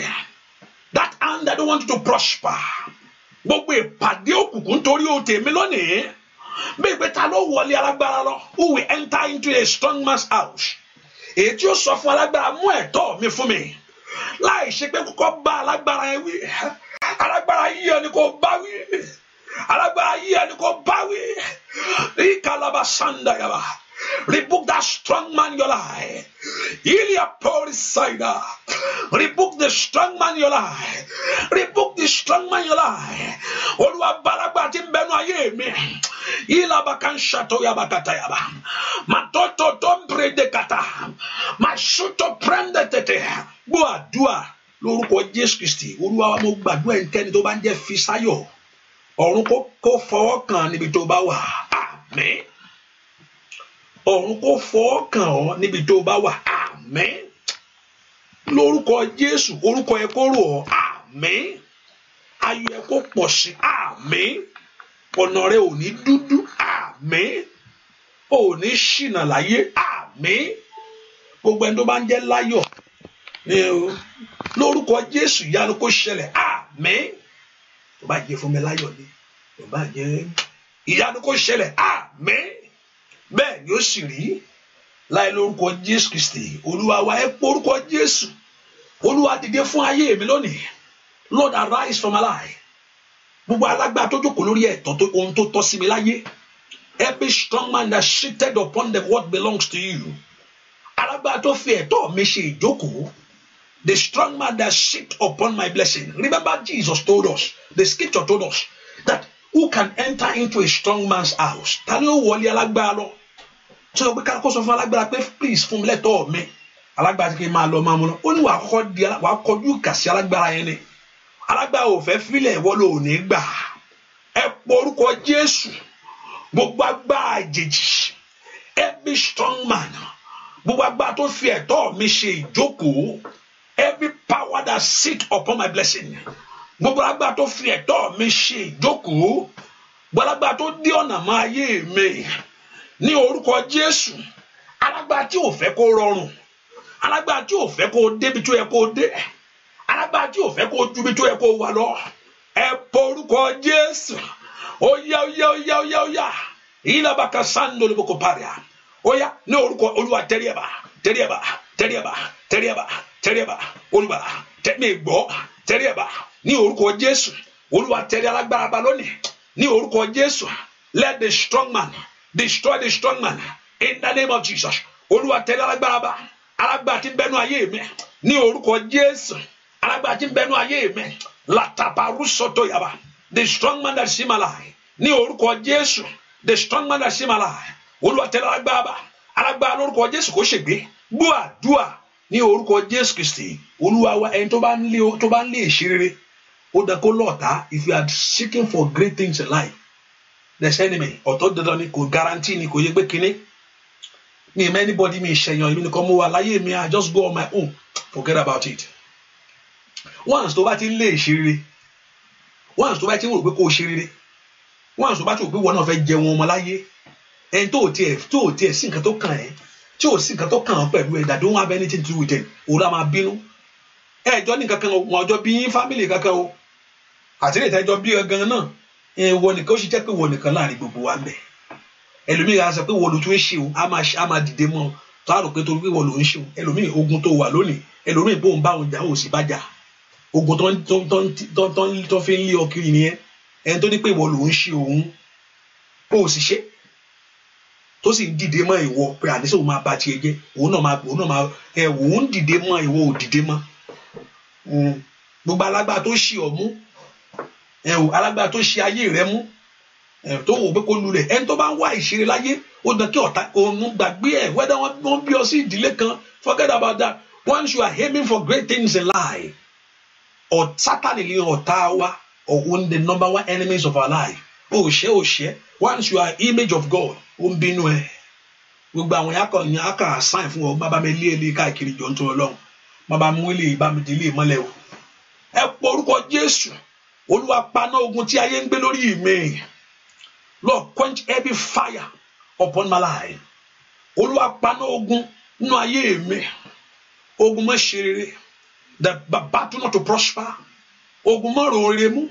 that hand I don't want you to prosper gbogbo ìpàdé òkùnkùn torí o tèmi lónìí bí ìpè ta ló wọlé alágbára lọ who will enter into a strong man's house èyí tí ó sọ fún alágbára mú ẹ̀tọ́ mi fún mi láì ṣe pé kókó bá alágbára yẹn wí alágbára yìí ẹni kò bá wí alágbára yìí ẹni kò bá wí ní kálábà sanda yàrá. Rebuke that strong man your life. Ilya Porisider. Rebuke the strong man your life. Rebuke the strong man your life. Olúwa Barabatim Benoye, ń bẹnu ayé mi. Ilà yaba kàtà yaba. Màtọ́tò tó ń pèrè de kàtà. Màṣútò pẹ́ndẹ̀ tètè. Gbọ́ àdúrà lórúkọ Jésù Kristi. Olúwa mo gbàdúrà ẹnikẹ́ni tó bá ń jẹ́ Fisáyọ̀. Ọ̀run kó fọwọ́ kàn níbi tó bá wà. Àmín ọ̀run kò fọ́ kàn ọ́ níbi tó bá wà àmín lórúkọ Jésù orúkọ ẹ kó rò ọ́ àmín ayọ̀ ẹ kó pọ̀ sí àmín ọ̀nà rẹ ò ní dúdú àmín ò ní ṣìnà láyé àmín gbogbo ẹni tó bá ń jẹ́ láyọ̀ ní o lórúkọ Jésù ìyanu kó ṣẹlẹ̀ àmín tó bá jẹ́ fún mi láyọ̀ ni tó bá jẹ́ ìyanu kó ṣẹlẹ̀ àmín bẹ́ẹ̀ ni ó sì rí láì lórúkọ jésù kristi olúwa wa ẹ pé orúkọ jésù olúwa dìde fún ayé mi lónìí lord arise from alive. life gbogbo alágbá tó jókòó lórí ẹ̀tọ́ ohun tó tọ́ sí mi láyé every strong man that seated upon the word belongs to you alágbá tó fi ẹ̀tọ́ mi ṣe ìjókòó the strong man that sit upon my blessing remember jesus told us the scripture told us that who can enter into a strong man's house ta ni ó wọlé alágbá lọ tí wọ́n gbé ká kó sọ fún alágbára pé please fún mi lẹ́tọ̀ọ́ mi alágbára ti kí n máa lọ máa mú lọ ó ní wàá kọ́ di wàá kọjú kàsí alágbára yẹn ni alágbára ò fẹ́ filẹ̀ ìwọ ló ní gbà ẹ pọ orúkọ Jésù gbogbo agbára àjèjì every strong man gbogbo agbára tó fi ẹ̀tọ́ mi ṣe ìjókòó every power that sit upon my blessing gbogbo agbára tó fi ẹ̀tọ́ mi ṣe ìjókòó gbogbo agbára tó dí ọ̀nà máa yé mi ní orúkọ Jésù alágbára tí ò fẹ́ kó rọrùn alágbára tí ò fẹ́ kó débi tó yẹ kó dé alágbára tí ò fẹ́ kó jubi tó yẹ kó wà lọ ẹ pọ orúkọ Jésù óyá óyá óyá óyá óyá yìí náà bá ló bó kó parí a óyá ní orúkọ Olúwa tẹ́rí ẹ̀ bá tẹ́rí ẹ̀ Olúwa tẹ́mi gbọ́ tẹ́rí ní orúkọ Jésù Olúwa tẹ́rí alágbára bá ní orúkọ Jésù let the strong man destroy the strong man in the name of Jesus olúwa tẹ̀lé alágbára bá alágbára tí ń bẹnu ayé mi ní orúkọ Jésù alágbára tí bẹnu ayé mi látàbàrú sọtọ yaba the strong man that seem alive ní orúkọ Jésù the strong man that seem alive olúwa tẹ̀lé alágbára bá alágbára lórúkọ Jésù kò ṣègbè gbọ́ àdúà ní orúkọ Jésù Kristi olúwa wa ẹni tó bá ń lé tó bá ó dẹ kó lọ́ọ̀tá if you are seeking for great things in life the enemy ọ̀tọ̀ dandan ni kò guarantee ni kò yẹ pé kinní mi ì mọ anybody mi ìṣẹ̀yàn èmi nìkan mo wà láyé mi I just go on my own forget about it once tó bá ti ń lé ìṣeré once tó bá ti ń rò pé kò ṣeré once tó bá ti rò pé wọn náà fẹ́ jẹun ọmọ láyé ẹni tó tiẹ̀ tó tiẹ̀ sí nǹkan tó kàn ẹ́ tí ò sí nǹkan tó kàn án pẹ̀lú ẹ̀dá don't have anything to do with them òun á máa bínú ẹ̀ẹ́dọ́ ní kankan wọn ọjọ́ bí family kankan o àti ilé ìtajà bí gangan náà èèwọ̀ nìkan ó sì jẹ́ pé wọ̀ nìkan láàrin gbogbo wa bẹ̀ ẹlòmíì á sọ pé wọ̀ ló tún ń ṣe o á máa dìde mọ́ ọ tó àrò pé torí pé wọ̀ ló ń ṣe o ẹlòmíì ogun tó wà lónìí ẹlòmíì bóun bá òun jà òun sì bá jà ogun tó fi ń lé ọ kiri nìyẹn ẹni tó ní pé ìwọ ló ń ṣe òun ó sì ṣe tó sì ń dìde mọ́ ìwọ pé àníṣe òun máa ba tiẹ̀ jẹ́ òun náà máa òun náà máa ẹ òun dìde mọ́ ìwọ ò dìde mọ́ gbogbo alágbá tó ṣì ọ mú ẹ o alágbára tó ṣe ayé rẹ mú ẹ tó wò pé kó lulẹ̀ ẹni tó bá ń wá ìṣeré láyé ó dán kí ọ̀tá òun gbàgbé ẹ̀ wẹ́dá wọn bí ọ sí ìdílé kan forget about that once you are aiming for great things in life or Sátánì ni ọ̀tá wa or one the number one enemies of our life òṣè òṣè once you are image of God ó ń bínú ẹ gbogbo àwọn yàkọ yàn á kà sign fún ọ má bá mi lé ilé e e káàkiri jọ ń tó Ọlọ́run má bá mú ilé ìbámu délé mọ́lẹ̀ o ẹ pọ orúkọ Jésù olúwa paná ogun tí ayé ń gbé lórí mi lord quench every fire upon my life olúwa paná ogun nínú ayé mi ogun má ṣe rere the battle not to prosper ogun má ro rere mú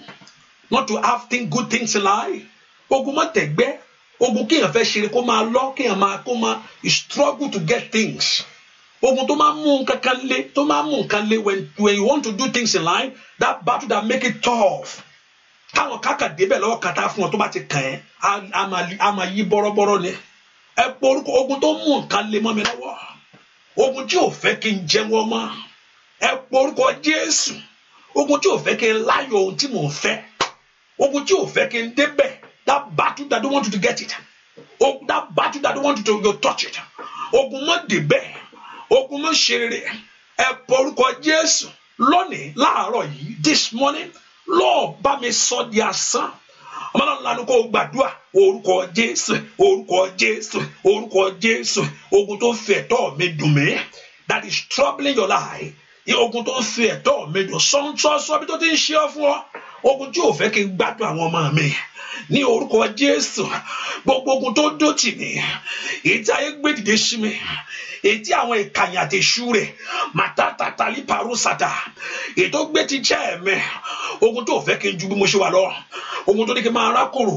not to have thing, good things in life ogun má tẹ̀gbẹ́ ogun kéèyàn fẹ́ ṣe kó máa lọ kéèyàn máa kó máa struggle to get things. ogun tó máa ń mú nǹkankan tó máa ń mú when you want to do things in line that battle that make it tough táwọn káka débẹ̀ lọ́wọ́ fún ọ tó bá ti kàn ẹ́ a ogun tó mú nǹkan lé mọ́ mi ogun tí ò fẹ́ kí n jẹ́wọ́ mọ́ ẹ pọ orúkọ Jésù ogun tí ò fẹ́ kí n láyọ̀ ohun tí mò ń fẹ́ ogun tí fẹ́ kí n want to get it that battle that don't ogun mọ́ ṣe rè ẹ porúkọ Jésù lónìí láàárọ̀ yìí this morning lọ́ọ̀ bá mi sọ di asán ọmọláwọn lanu kó o gbàdúrà orúkọ Jésù orúkọ Jésù orúkọ Jésù ogun tó fi ẹ̀tọ́ mi dùn mí that is troubling your life ogun tó fi ẹ̀tọ́ mi dùn sọ́ńtọ́sọ́ bí tó ti ń ṣe ọ fún ọ ogun tí ò fẹ́ kí n gbádùn àwọn ọmọ mi ní orúkọ jésù gbogbo ogun tó dòtì mí èyí tí ayé gbé dìde sí mi èyí àwọn ìkànnì àtẹ̀sù rẹ̀ màtátàtàlí parosata èyí tó gbé ti jẹ́ mi ogun tó fẹ́ kí n ju bí mo ṣe wà lọ ogun tó ní kí n máa rákòrò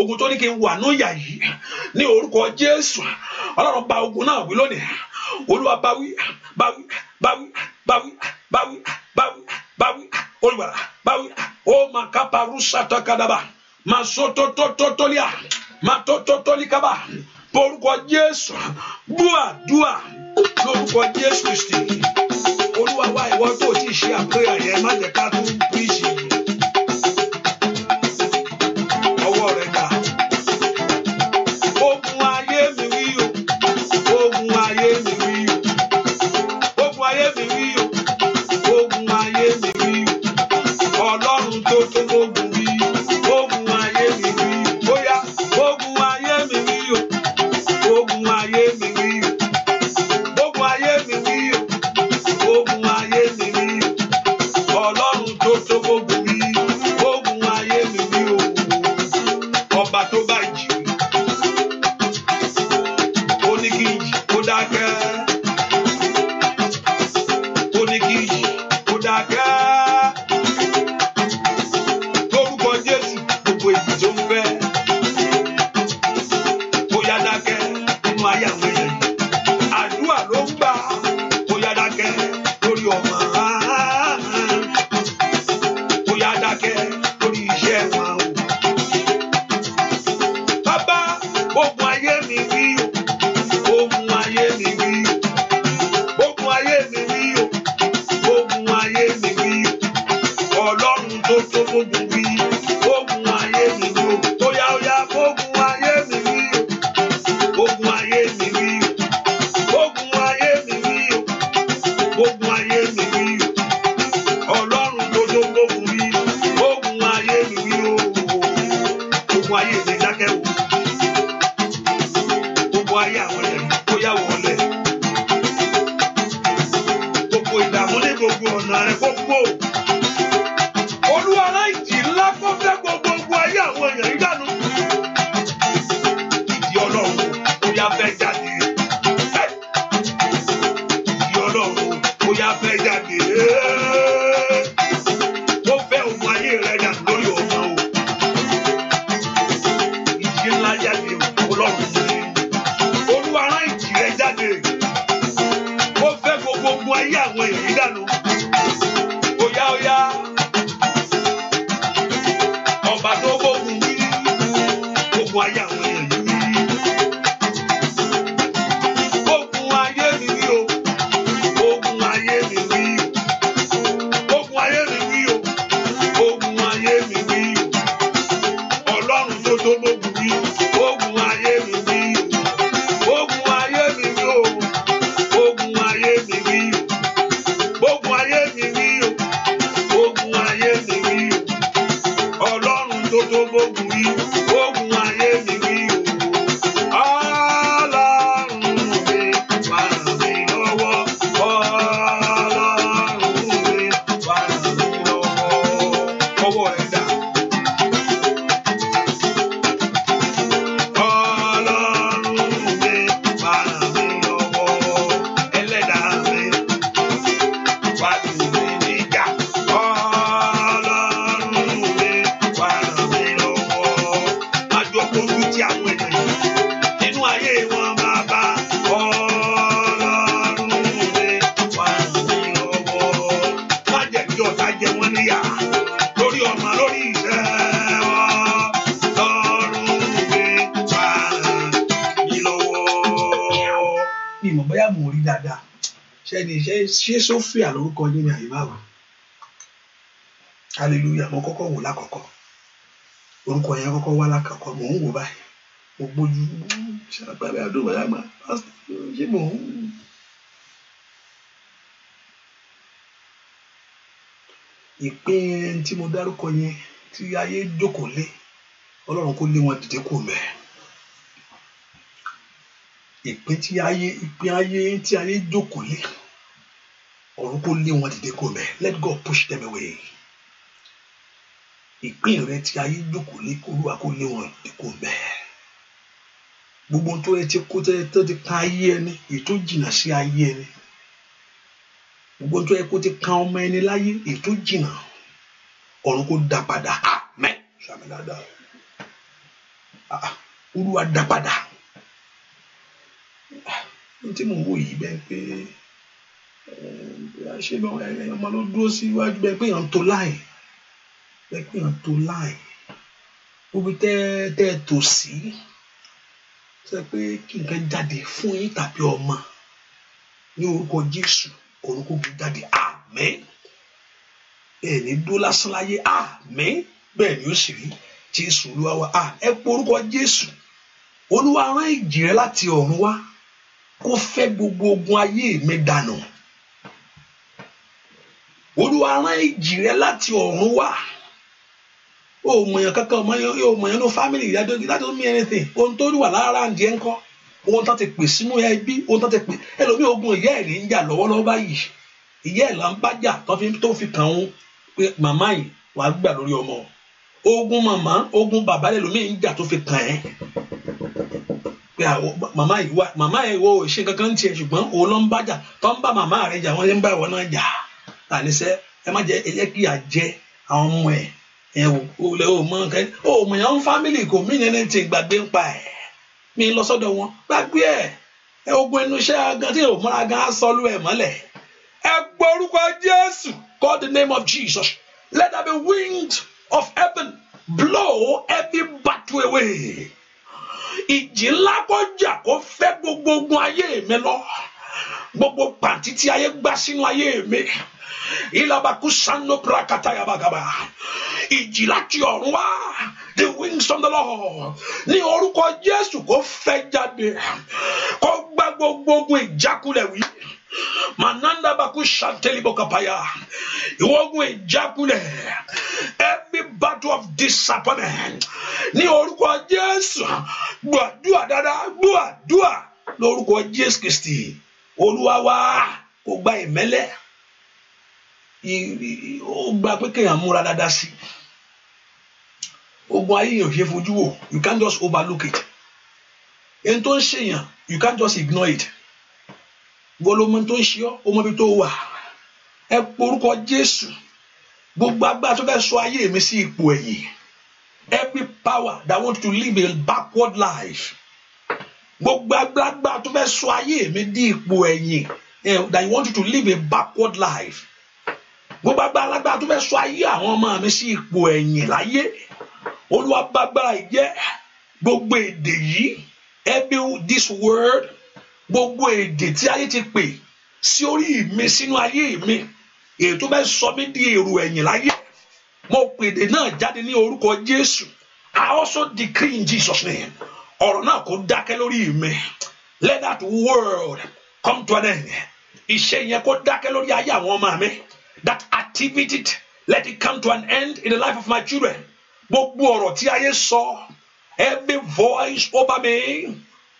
ogun tó ní kí n wà ní ìyà yìí ní orúkọ jésù ọlọ́run ba ogun náà wí lónìí olúwa báwí báwí báwí báwí báwí báwí báwí ah, olùwàrà ah, báwí ó ah, oh, mà kápá rúṣàtọ kadàbà mà sótótótótólíà mà tótótólikaba borúkọ jésù búàdúà lórúkọ jésù kristi olúwa wa ìwọ tó ti ṣe àpẹẹrẹ yẹn má jẹ ká tún. kọ́kọ́ wá lákàkọ́ mò ń wò báyìí mo gbójú ṣe àgbàbí àdúgbò àgbà ṣé mò ń. ìpín tí mo dárúkọ yẹn tí ayé jókòó lé ọlọ́run kó lé wọn dìde kò mẹ́ẹ̀ ìpín tí ayé ìpín ayé tí ayé jókòó lé ọ̀run kó lé wọn dìde kò mẹ́ẹ̀ let God push them away ìpín rẹ tí ayé jókòó lé kólúwa kó lé wọn kó bẹ́ẹ̀ gbogbo tó yẹ ti kó tó ti kan ayé ẹni èyí tó jìnnà sí ayé ẹni gbogbo tó yẹ kó ti kan ọmọ ẹni láyé èyí tó jìnnà ọ̀run kó dá padà àmín sàmì dáadáa ah, ah, olúwa dá padà ah, tí mò ń wò yìí bẹ́ẹ̀ pé eh, ṣé eh, ọmọ ló dúró síwájú bẹ́ẹ̀ pé èèyàn ń to láì lẹ́gbẹ̀ẹ́ tó láì omi tẹ́ tẹ́ tò sí sọ pé kí nǹkan jáde fún yín tàbí ọmọ ní orúkọ Jésù orúkọ gbé jáde àmín bẹ́ẹ̀ ni dó lásán láyé àmín bẹ́ẹ̀ ni ó sì rí Jésù Olúwa wa ẹ pé orúkọ Jésù Olúwa rán ìjì rẹ láti ọ̀run wá kó fẹ́ gbogbo ogun ayé mi dànù Olúwa rán ìjì rẹ láti ọ̀run wá o mọ èèyàn kankan o mọ èèyàn ní family that doesn't mean anything ohun tó wà lára àǹdí ẹ̀ ń kọ́ ohun tó ti pè sínú ẹbí ohun tó ti pè ẹlòmíì ogun ìyá ẹ̀ ní ń jà lọ́wọ́lọ́wọ́ báyìí ìyá ẹ̀ là ń bá jà tó fi kàn án pé màmá yìí wàá gbà lórí ọmọ ogun màmá ogun bàbá lẹ́lòmíì ń jà tó fi kàn ẹ́ pé màmá yìí wá màmá yìí wọ òṣè kankan tiẹ̀ ṣùgbọ́n òun ló ń bá jà tó ń bá màmá rẹ̀ jà wọ́n lè ń bá ìwọ náà jà àníṣe ẹ má jẹ́ ẹ jẹ́ kí ìyà àwọn ọmọ ẹ̀ ẹ wò ó lẹ ò mọ nǹkan ó mọ yàn ń fámìlì kò mí nínú ti gbàgbé ń pa ẹ mi lọ sọ́dọ̀ wọn gbàgbé ẹ ẹ ogun inú iṣẹ́ gan tí ò múra gan á sọlú ẹ mọ́lẹ̀ ẹ gbọ́ orúkọ Jésù call the name of Jesus let there be wind of heaven blow every battle away ìjì ńlá kọjá kó fẹ́ gbogbo ogun ayé mi lọ gbogbo pàǹtí tí ayé gbá sínú ayé mi ìlàbàkú sanu prakata yabagaba ìjì láti ọ̀run wá the wings of the Lord ní orúkọ Jésù kó fẹ́ jáde kó gbá gbogbo ogun ìjákulẹ̀ wí mananda baku bokapaya iwogun ìjákulẹ̀ every battle of disappointment ní orúkọ Jésù gbàdúà dáadáa gbàdúà lórúkọ Jésù Kristi olúwa kò gba ìmẹ́lẹ́ ó gba pé kéèyàn múra dáadáa sí ogun ayé yẹn ò ṣe fojú wò you can't just overlook it ẹni tó ń ṣèyàn you can't just ignore it wọ́n ló mọ tó ń ṣe ọ́ ó tó wà ẹ porúkọ jésù gbogbo agbára tó fẹ́ sọ ayé mi sí ipò ẹ̀yìn every power that want to live a backward life gbogbo agbára tó fẹ́ sọ ayé mi di ipò ẹ̀yìn eh, that you want you to live a backward life gbogbo agbára tó fẹ́ sọ ayé àwọn ọmọ mi sí ipò ẹ̀yìn láyé olúwa bágbára ìjẹ́ gbogbo èdè yìí every this word gbogbo èdè tí ayé ti pè sí orí mi sínú ayé mi èyí tó fẹ́ sọ mí di èrò ẹ̀yìn láyé mo pèdè náà jáde ní orúkọ Jésù I also decree in Jesus name ọ̀rọ̀ náà kò dákẹ́ lórí mi let that world come to an end iṣẹ́ yẹn kó dákẹ́ lórí ayé àwọn ọmọ mi that activity let it come to an end in the life of my children gbogbo ọ̀rọ̀ tí ayé sọ every voice over me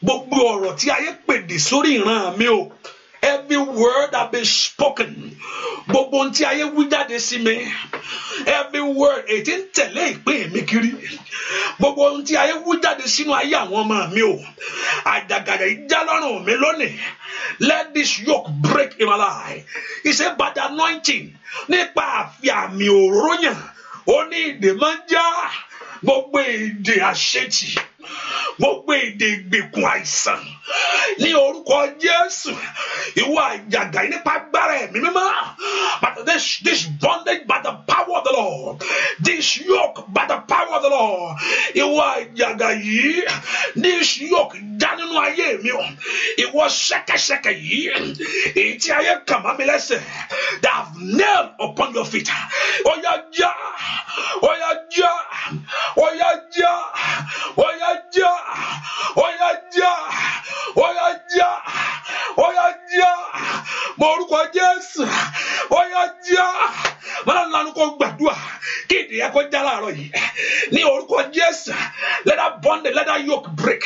gbogbo ọ̀rọ̀ tí ayé pèdè sórí ìran mi o every word that be spoken gbogbo ohun tí ayé wí jáde sí mi every word èyí tí ń tẹ̀lé ìpín mi kiri gbogbo ohun tí ayé wí jáde sínú ayé àwọn ọmọ mi o àjàgàdà ìjà lọ́rùn mi lónìí let this yoke break in my life he say by the anointing nípa àfi àmì òróyàn ó ní ìdè máa ń já gbogbo èdè àṣetì gbogbo èdè ìgbèkùn àìsàn ní orúkọ Jésù ìwọ àjàgà yìí nípa agbára ẹ̀mí mímọ́ but this this bondage by the power of the Lord this yoke by the power of the Lord ìwọ àjàgà yìí this yoke já nínú ayé mi o ìwọ ṣẹ̀kẹ̀ṣẹ̀kẹ̀ yìí èyí tí ayé kàn mọ́ mi lẹ́sẹ̀ that have nailed upon your feet ó yá kó já láàárọ̀ yìí ní orúkọ Jésù let that bond let that yoke break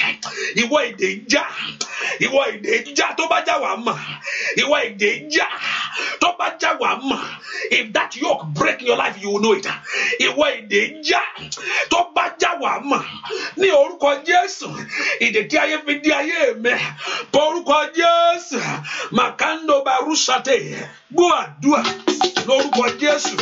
ìwọ ìdè já ìwọ ìdè já tó bá já wà á mọ̀ ìwọ ìdè já tó bá já wà á if that yoke break in your life you will know it ìwọ ìdè já tó bá já wà á mọ̀ ní orúkọ Jésù ìdè tí ayé fi di ayé mi bọ orúkọ Jésù màkàndó barúṣàtẹ gbọ́ àdúrà lórúkọ Jésù.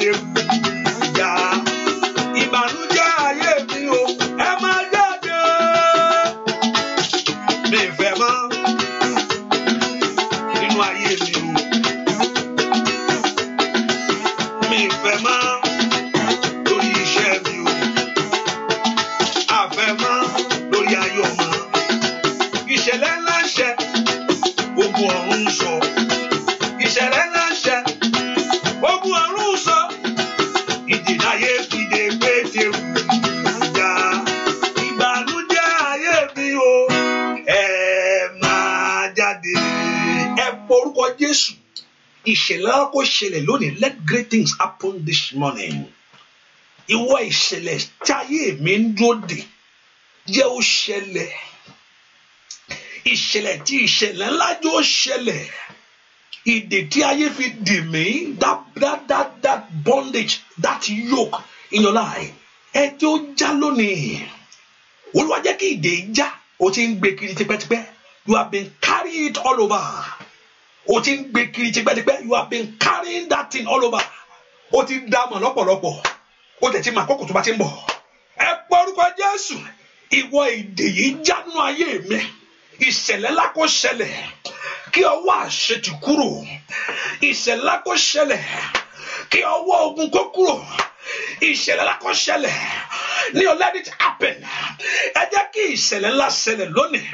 you. ńlá kó ṣẹlẹ̀ lónìí let great things happen this morning ìwọ ìṣẹ̀lẹ̀ tí ayé mi ń dúró dè jẹ́ ó ṣẹlẹ̀ ìṣẹ̀lẹ̀ tí ìṣẹ̀lẹ̀ ńlá jọ ṣẹlẹ̀ ìdè tí ayé fi dì mí that that that that bondage that yoke in your life ẹ tí ó já lónìí olúwa jẹ́ kí ìdè já o ti ń gbé kiri tipẹ́tipẹ́ you have been carried all over o ti ń gbé kiri tipẹ́tipẹ́ you have been carrying that thing all over o ti dá mọ̀ lọ́pọ̀lọpọ̀ o tẹ̀tí mọ̀ àkókò tó bá ti ń bọ̀ ẹ pọ̀ orúkọ Jésù ìwọ èdè yìí jánu ayé mi ìṣẹ̀lẹ̀ ńlá ṣẹlẹ̀ kí ọwọ́ àṣetì kúrò ìṣẹ̀lẹ̀ ńlá ṣẹlẹ̀ kí ọwọ́ ogun kó kúrò ìṣẹ̀lẹ̀ ńlá ṣẹlẹ̀ ní it happen ẹ jẹ́ kí ìṣẹ̀lẹ̀ ńlá ṣẹlẹ̀ lónìí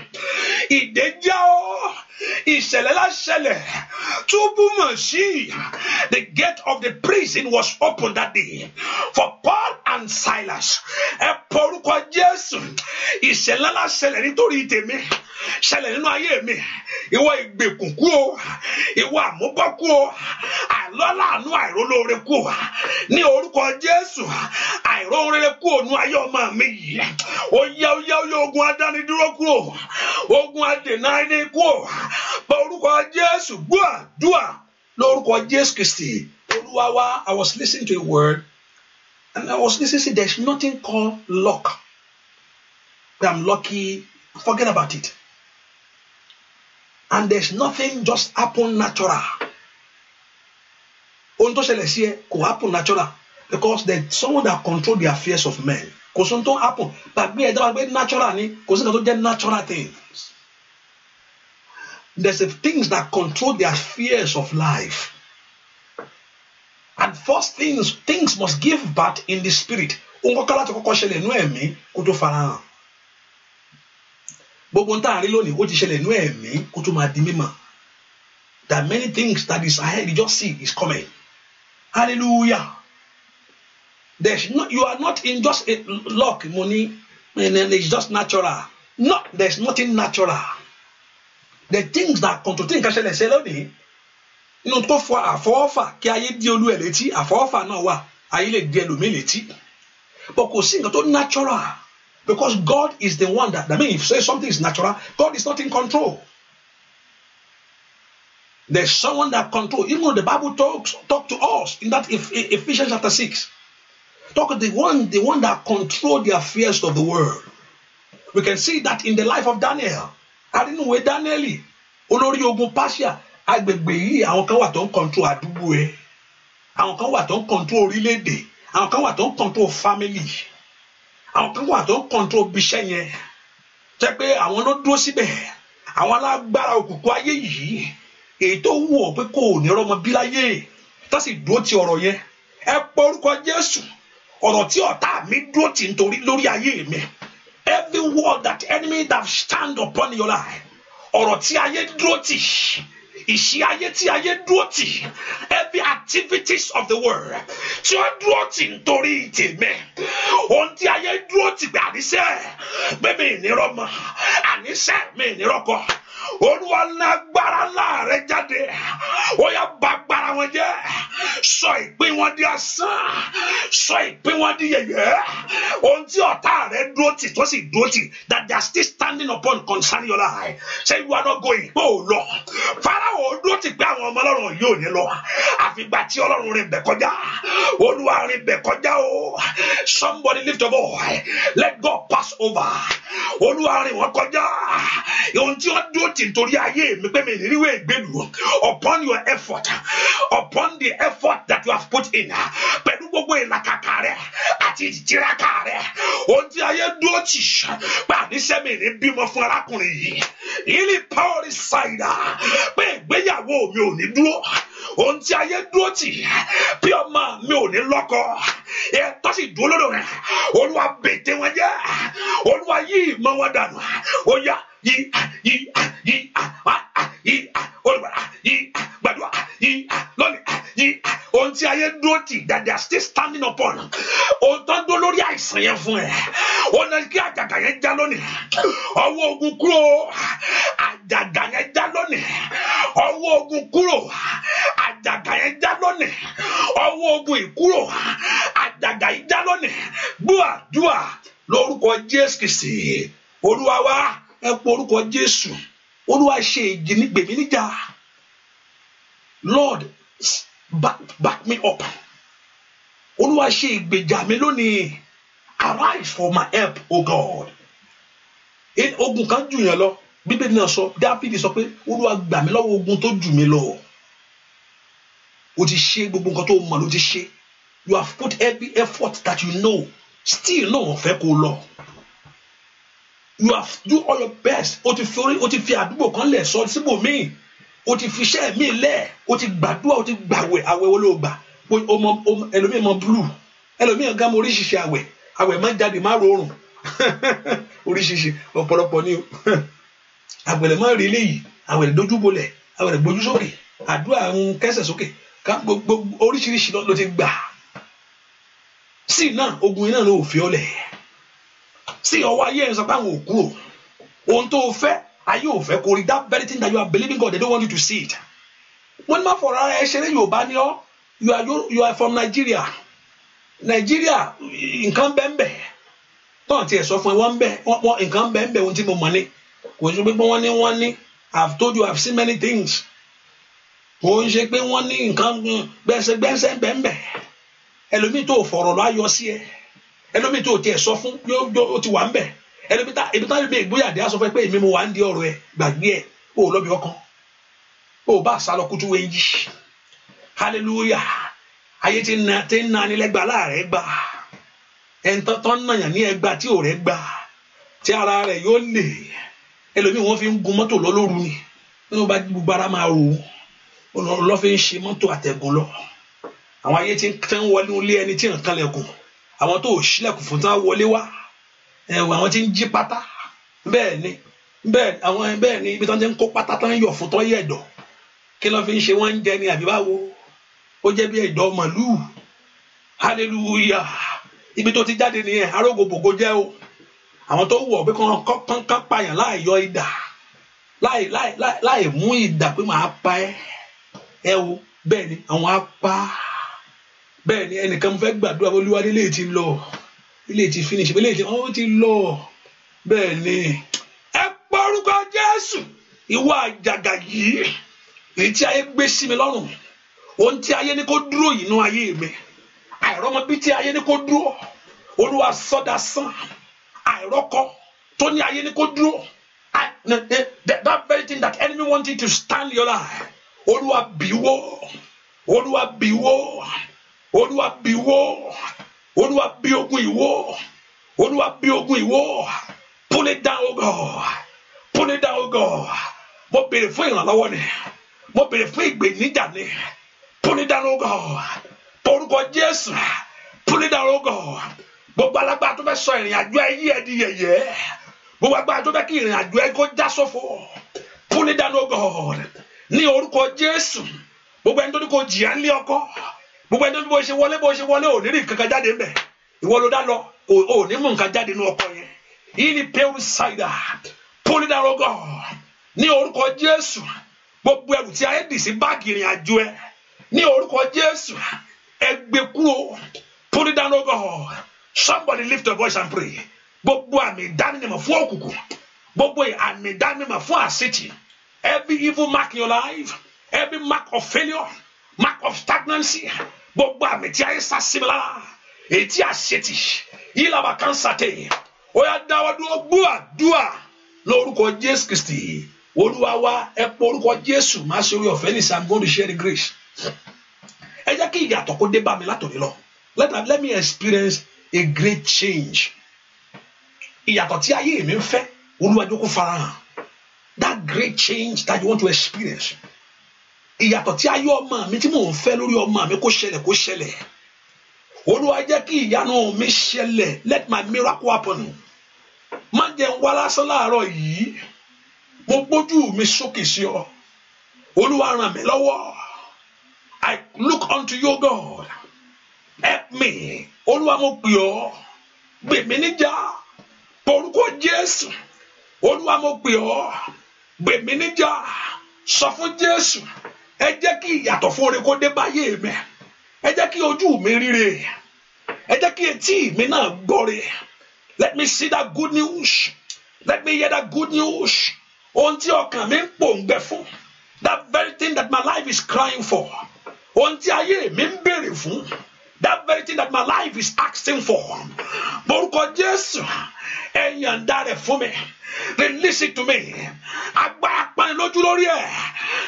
ìdẹ́jà ó ìṣẹ̀lẹ̀ ńlá ṣẹlẹ̀ túbú mọ̀ sí the gate of the prison was opened that day for Paul and Silas ẹ pọ̀ orúkọ Jésù ìṣẹ̀lẹ̀ ńlá ṣẹlẹ̀ nítorí tèmi. ṣẹlẹ̀ nínú ayé mi ìwọ ìgbèkùn kú o ìwọ àmúbọ́ kú o àìlọ́làánú àìrólóore kú o ní orúkọ Jésù àìróore kú o nú ayé ọmọ mi yìí ó yá ó yá ó yá ogun adánidúró kú o ogun adènà ẹni kú o bá orúkọ Jésù gbọ́ àdúrà lórúkọ Jésù Kristi Olúwa wa I was listening to a word and I was listening to there is nothing called luck that I'm lucky forget about it and there's nothing just happen natural ohun tó ṣẹlẹ̀ sí ẹ kò happen natural because there's someone that control the affairs of men kò sóhun tó happen gbàgbé ẹ dábàá gbé natural ni kò sí nǹkan tó jẹ́ natural things there's a things that control the affairs of life and first things things must give birth in the spirit ohun kọ́kọ́ láti kọ́kọ́ ṣẹlẹ̀ nú ẹ̀mí kó tó farahàn gbogbo ń tà rí lónìí ó ti ṣẹlẹ̀ nú ẹ̀mí kó tó máa di mímọ̀ that many things that is ahead you just see is coming hallelujah there's no you are not in just a luck money and then it's just natural no there's nothing natural the things that control things kan ṣẹlẹ̀ ṣe lónìí inú tó fọ àfọwọ́fà kí ayé di olú ẹ̀ létí àfọwọ́fà náà wà ayé lè di ẹlòmíì létí but kò sí nǹkan tó natural Because God is the one that, I mean, if you say something is natural, God is not in control. There's someone that controls. Even though the Bible talks talk to us in that Ephesians chapter 6. Talk to the one, the one that controls the affairs of the world. We can see that in the life of Daniel. I Adínúwe Daniel, olórí ogun Persia, agbègbè yìí àwọn kan wà tó control àdúgbò ẹ̀. Àwọn kan wà tó control orile I Àwọn kan wà tó control family. àwọn kan wà tó ń kọ́ńtró bíṣẹ́ yẹn jẹ́ pé àwọn ló dúró síbẹ̀ àwọn alágbára òkùnkùn ayé yìí èyí tó wù ọ́ pé kò ní rọ́mọ bí láyé tó sì dúró ti ọ̀rọ̀ yẹn ẹ pọ̀ orúkọ Jésù ọ̀rọ̀ tí ọ̀tá mi dúró tì nítorí lórí ayé mi every word that enemy that stand upon your life ọ̀rọ̀ tí ayé dúró tì ìṣe ayé tí ayé dúró tì every activities of the world tí ó dúró tì nítorí tèmi ohun tí ayé dúró tì gbà níṣẹ́ pé mi ìnirọ́ mọ́ àníṣẹ́ mi ìnirọ́ kọ́ olúwa na agbára ńlá rẹ jáde ó yá bà agbára wọn jẹ́ sọ ìpín wọn di asán sọ ìpín wọn di yẹ̀yẹ́ ohun tí ọ̀tá rẹ dúró tì tó sì dúró tì that they are still standing upon concerning your life say you are not going pé ò lọ Fáráò dúró tì pé àwọn ọmọ ọlọ́run yóò ní lọ àfìgbà tí ọlọ́run rìn bẹ̀ kọjá olúwa rìn bẹ̀ kọjá o somebody lift up your voice let God pass pass over olúwa rìn wọ́n kọjá ohun tí wọ́n dúró tì nítorí ayé mi pé mi ìrírí ìgbélu upon your effort upon the effort that you have put in pẹ̀lú gbogbo ìlàkàkà rẹ àti ìtiraka rẹ ohun tí ayé dúró tì pé àníṣe mi ní bímọ fún arákùnrin yìí ìlí pàórí ṣáìdà pé ìgbéyàwó mi ò ní dúró ohun tí ayé dúró tì bí ọmọ mi ò ní lọ́kọ ẹ tọ́sí dúró lọ́dọ̀ rẹ olúwa bètè wọn jẹ́ olúwa yí ìmọ̀ wọn dànù ó yá yí yí yí yí olùgbà yí gbàdúrà yí lónìí yí ohun tí ayé dúró tì that they are still standing upon ohun tó ń dó lórí àìsàn yẹn fún ẹ ọ̀nà kí àjàgà yẹn já lónìí ọwọ́ ogun kúrò àjàgà yẹn já lónìí ọwọ́ ogun kúrò àjàgà yẹn já lónìí ọwọ́ ogun ìkúrò àjàgà yẹn já lónìí gbúà dúà lórúkọ jésù kìsì olúwa wá ẹ pọ orúkọ jésù olúwa ṣe ìgbèmí níjà lord back, back me up olúwa ṣe ìgbèjà mi lónìí arise for my help o oh god ogun kan jù yàn lọ bíbélì náà sọ dáfídì sọ pé olúwa gbà mí lọ́wọ́ ogun tó jù mí lọ o ti ṣe gbogbo nǹkan tó mọ̀ ló ti ṣe you have put every effort that you know still lóun fẹ́ kó lọ you have do all your best o ti fi orí o ti fi àdúgbò kan lẹ̀ sọ síbòmíì o ti fi iṣẹ́ mi lẹ̀ o ti gbàdúrà o ti gbàwẹ̀ àwẹ̀ wo ló gbà ọmọ ẹlòmíì mọ blue ẹlòmíì ọ̀gá mọ oríṣiríṣi àwẹ̀ àwẹ̀ máa ń jáde má rọrùn oríṣiríṣi ọ̀pọ̀lọpọ̀ ni o àgbẹ̀lẹ̀ máa ń rí eléyìí àwẹ̀ dojúbolẹ̀ àwẹ̀ gbójú sókè àdúrà ń kẹsẹ̀ sókè ká gbogbo oríṣiríṣi ló ti gbà sí náà ogun iná ló fi ọlẹ̀ sí ọwọ́ ayé ẹ̀ sọ pé àwọn òkú o ohun tó o fẹ́ ayé ò fẹ́ kó rí that very thing that you are believing God they don't want you to see it wọ́n ní má fọ̀rọ̀ ara ẹ ṣeré Yorùbá ni ọ́ you are you are from Nigeria Nigeria nǹkan bẹ́ẹ̀nbẹ́ tọ́hún tiẹ̀ sọ fún ẹ wọ́n bẹ́ẹ̀ wọ́n nǹkan bẹ́ẹ̀nbẹ́ ohun tí mo mọ̀ ni kò ṣe pé wọ́n ní wọ́n ní I told you I have seen many things kò ń ṣe pé wọ́n ní nǹkan gbẹ́sẹ̀gbẹ́sẹ̀ bẹ́ẹ̀nbẹ́ ẹlòmíì tó fọ̀rọ̀ lọ ayọ̀ sí ẹ ẹlòmíì tó tiẹ̀ sọ fún yóò ti wà ń bẹ̀ ẹlòmíì tá ibi táwọn ìgbé ìgbóyà dé aṣọ fún ẹ pé èmi mo wà ń di ọ̀rọ̀ ẹ gbàgbé ẹ o lọ́bi ọkàn o bá sálọ kutu wẹ̀yìn hallelujah ayé ti na ti ń nani lẹ́gbà láàrẹ̀ gbà ẹ̀ńtọ́ tó ń nàyàn ní ẹgbà tí ò rẹ̀ gbà tí ara rẹ̀ yóò lè ẹlòmíì wọ́n fi ń gun mọ́tò lọ lóru ni nínú bá gbogbo ara máa rò ó lọ́ fi ń ṣe mọ́tò àtẹ̀gùn lọ àwọn ayé tí ń wọlé ilé ẹni tí nǹkan lẹ̀kùn àwọn tó ṣílẹ̀kùn fún tí wọ́n wọlé wá àwọn tí ń jí pátá bẹ́ẹ̀ ni bẹ́ẹ̀ àwọn bẹ́ẹ̀ ni ibi tí wọ́n ti ń kó pátá tán yọ̀ fún tán yẹ̀dọ̀ kí ló fi ń ṣe wọ́n ń jẹ ni àbí báwo ó jẹ́ bí ẹ̀dọ̀ màlúù hallelujah ibi tó ti jáde nìyẹn arógòbògò jẹ́ o àwọn tó wọ̀ pé kán kán pààyàn láì yọ idà láì láì láì mú idà pé màá pa ẹ́ ẹ wo bẹ́ẹ̀ ni àwọn á pa á bẹ́ẹ̀ ni ẹnìkan fẹ́ gbàdúrà olúwa ilé ti lọ ilé ti finish ilé ti wọ́n ti lọ bẹ́ẹ̀ ni ẹ pọ jésù ìwà àjàgà yìí èyí tí ayé gbé sí mi lọ́rùn ohun tí ayé ní kó dúró yìí nú ayé mi àìrọ́mọ tí ayé ní kó dúró olúwa sọ́dà sàn àìrọ́kọ tó ní ayé ní kó dúró that very thing that enemy wanted to stand your life olúwa bìwó olúwa bìwó olúwa bí wó olúwa bí ogun ìwó olúwa bí ogun ìwó pull it down o God pull it down o God mo béèrè fún ìrànlọ́wọ́ ni mo béèrè fún ìgbèníjà ni pull it down o God orúkọ Jésù pull it down o God gbogbo alágbára tó fẹ́ sọ ìrìn àjò ayé ẹ di yẹ̀yẹ́ gbogbo agbára tó fẹ́ kí ìrìn àjò ẹ kó já sófo pull it down o God ní orúkọ Jésù gbogbo ẹni tó ní kò jìyà ń lé ọkọ gbogbo ẹni bó ṣe wọlé bó ṣe wọlé ò ní rí nǹkan kan jáde ńbẹ ìwọ ló dá lọ ò ní mú nǹkan jáde nínú ọkọ yẹn yìí ni pale cider pull it down o God ní orúkọ Jésù gbogbo ẹrù tí ayé dì sí báàgì ìrìn àjò ẹ ní orúkọ Jésù ẹgbẹ́ kúrò pull it down o God somebody lift your voice and pray gbogbo àmì ìdánimọ̀ fún òkùnkùn gbogbo àmì ìdánimọ̀ fún àṣetì every evil mark in your life every mark of failure mark of stagnancy gbogbo àmì tí ayé sásìmì lára èyí tí a ṣètì yìí làbà kánsà tẹ ó yá dáwọ́ dúró gbúàdúà lórúkọ Jésù Kristi olúwa wa ẹ pọ orúkọ Jésù má ṣe orí ọ̀fẹ́ nìṣà i'm going to share the grace ẹ jẹ́ kí ìyàtọ̀ kó dé bá mi látòní lọ let let me experience a great change ìyàtọ̀ tí ayé mi ń fẹ́ olúwa jókòó farahàn that great change that you want to experience ìyàtọ̀ tí ayé ọmọ mi tí mò ń fẹ́ lórí ọmọ mi kó ṣẹlẹ̀ kó ṣẹlẹ̀ olúwa jẹ́ kí ìyanu mi ṣẹlẹ̀ let my miracle happen má jẹ́ ń wá lásán láàárọ̀ yìí mo gbójú mi sókè sí ọ olúwa ràn mí lọ́wọ́ I look unto you God help me olúwa mo pè ọ́ gbè mí níjà orúkọ Jésù olúwa mo pè ọ́ gbè mí níjà sọ fún Jésù ẹ jẹ́ kí ìyàtọ̀ fún orin kó dé báyé mi ẹ jẹ́ kí ojú mi ríre ẹ jẹ́ kí etí mi náà gbọ́re let me see that good news let me hear that good news ohun tí ọkàn mi ń pòǹgbẹ fún that very thing that my life is crying for ohun tí ayé mi ń béèrè fún that very thing that my life is asking for. Borúkọ Jésù ẹ yàǹda rẹ̀ for me, Release listen to me. Agbára panilójú lórí ẹ̀.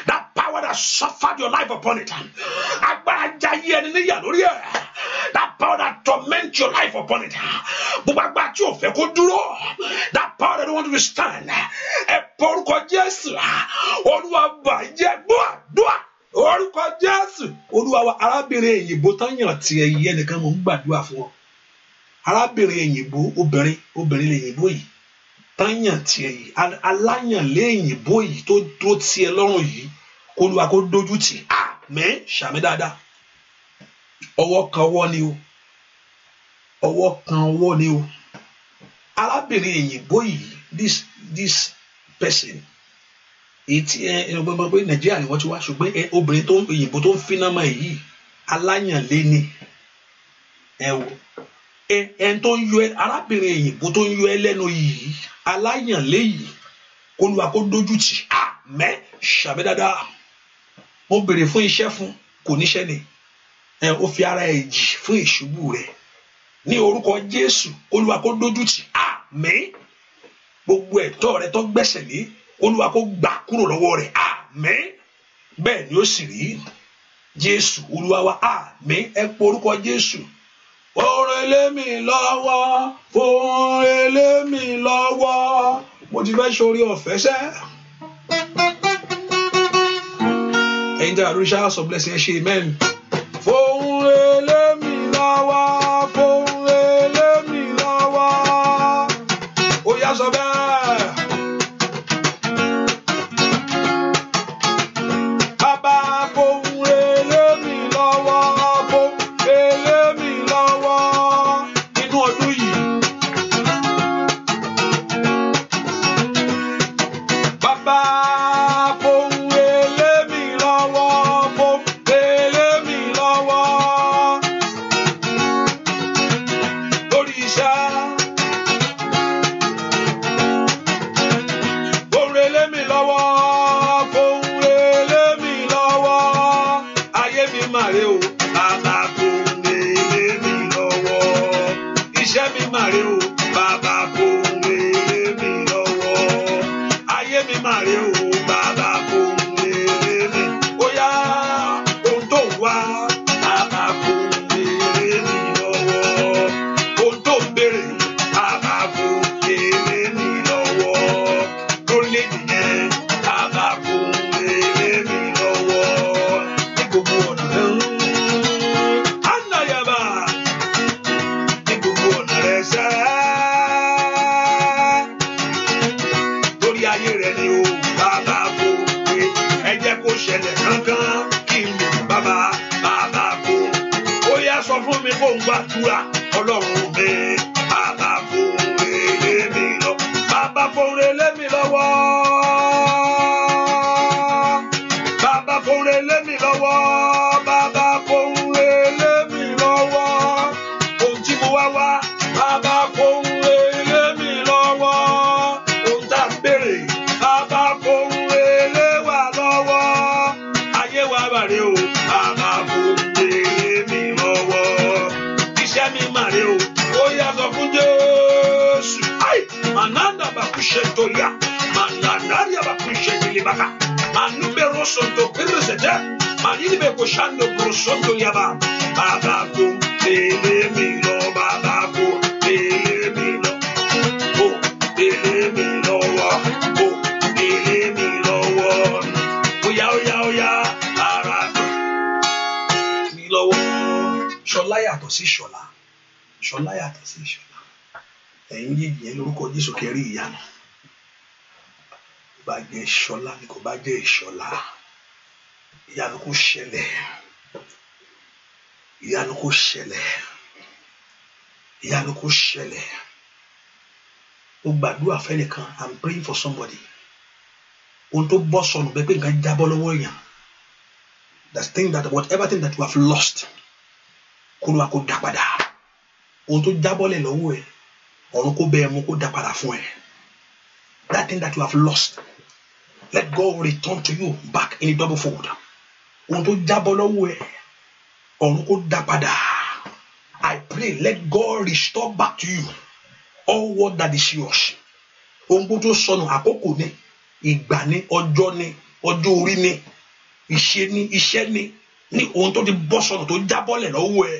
That power that suffered your life upon it. Agbára jayé That power that torment your life upon it. That power that don't want to stand. Ẹ borúkọ Jésù. Olúwa bàjẹ́ gbọ́ àdúrà. orúkọ jésù olúwa wa arábìnrin èyìnbó tán yàn tiẹ̀ yìí ẹnìkan mò ń gbàdúrà fún ọ arábìnrin èyìnbó obìnrin obìnrin èyìnbó yìí tán yàn tiẹ̀ yìí aláyànlé èyìnbó yìí tó dó tiẹ̀ lọ́rùn yìí olúwa kó dojú tì àmín ṣàmì dáadáa ọwọ́ kan ọwọ́ ni o ọwọ́ kan ọwọ́ ni o arábìnrin èyìnbó yìí this this person èyí tí eh, ẹ ẹ gbọgbọ pé nàìjíríà ni wọ́n ti wá ṣùgbọ́n ẹ eh, obìnrin tó òyìnbó tó ń finá mọ èyí aláyànlé ni ẹ wò ẹ ẹ tó ń yọ ẹ arábìnrin òyìnbó tó ń yọ ẹ lẹ́nu yìí aláyànlé yìí kó lu akódójútì àmẹ́ ṣàmì dáadáa mo béèrè fún iṣẹ́ fún kò níṣẹ́ ni ẹ ó fi ara ẹ̀ jì fún ìṣubú rẹ̀ ní orúkọ jésù olúwa kó dójútì àmín gbogbo ẹ̀tọ́ rẹ tó gbẹ́sẹ̀ lé olúwa kó gbà kúrò lọ́wọ́ rẹ̀ àmín bẹ́ẹ̀ ni ó sì rí jésù olúwa wa àmín ẹ pọ orúkọ jésù orin elémi lọ́wọ́ orin elémi lọ́wọ́ mo ti fẹ́ sori ọ̀fẹ́ sẹ́. ẹ̀yin tí a lórí ṣáà sọ blessing ẹ ṣe amen. fohùn elémi lọ́wọ́ fohùn elémi lọ́wọ́ ó yá sọ bẹ́ẹ̀. brosondo kırızıca manil be koşando brosondo yaba baba kum dele milo baba kum dele milo o dele milo wa ah. o milo wa o ya o ya o ya ara milo wa Ṣọlá yàtọ̀ sí Ṣọlá Ṣọlá yàtọ̀ sí Ṣọlá ẹ̀yin yìí yẹn lórúkọ Jésù kẹrí ìyanu bá jẹ́ Ṣọlá ni kò bá jẹ́ Ìṣọlá ìyanu kò ṣẹlẹ̀ ìyanu kò ṣẹlẹ̀ ìyanu kò ṣẹlẹ̀ o gbàdúrà fẹ́nìkan i'm praying for somebody ohun tó bọ́ sọnù bẹ́ẹ̀ pé nǹkan jábọ́ lọ́wọ́ èèyàn that thing that whatever thing that you have lost kó ló wa kó dá padà ohun tó jábọ́ lẹ̀ lọ́wọ́ ẹ̀ ọ̀run kó bẹ́ẹ̀ mú kó dá padà fún ẹ̀ that thing that you have lost let God return to you back in a double fold ohun tó jábọ́ lọ́wọ́ ẹ ọ̀run kó dá padà I pray let God restore back to you all what that is yours ohun gbogbo tó sọnù àkókò ni ìgbà ni ọjọ́ ni ọjọ́ orí ni ìṣe ni iṣẹ́ ni ní ohun tó ti bọ́ sọnù tó jábọ́lẹ̀ lọ́wọ́ ẹ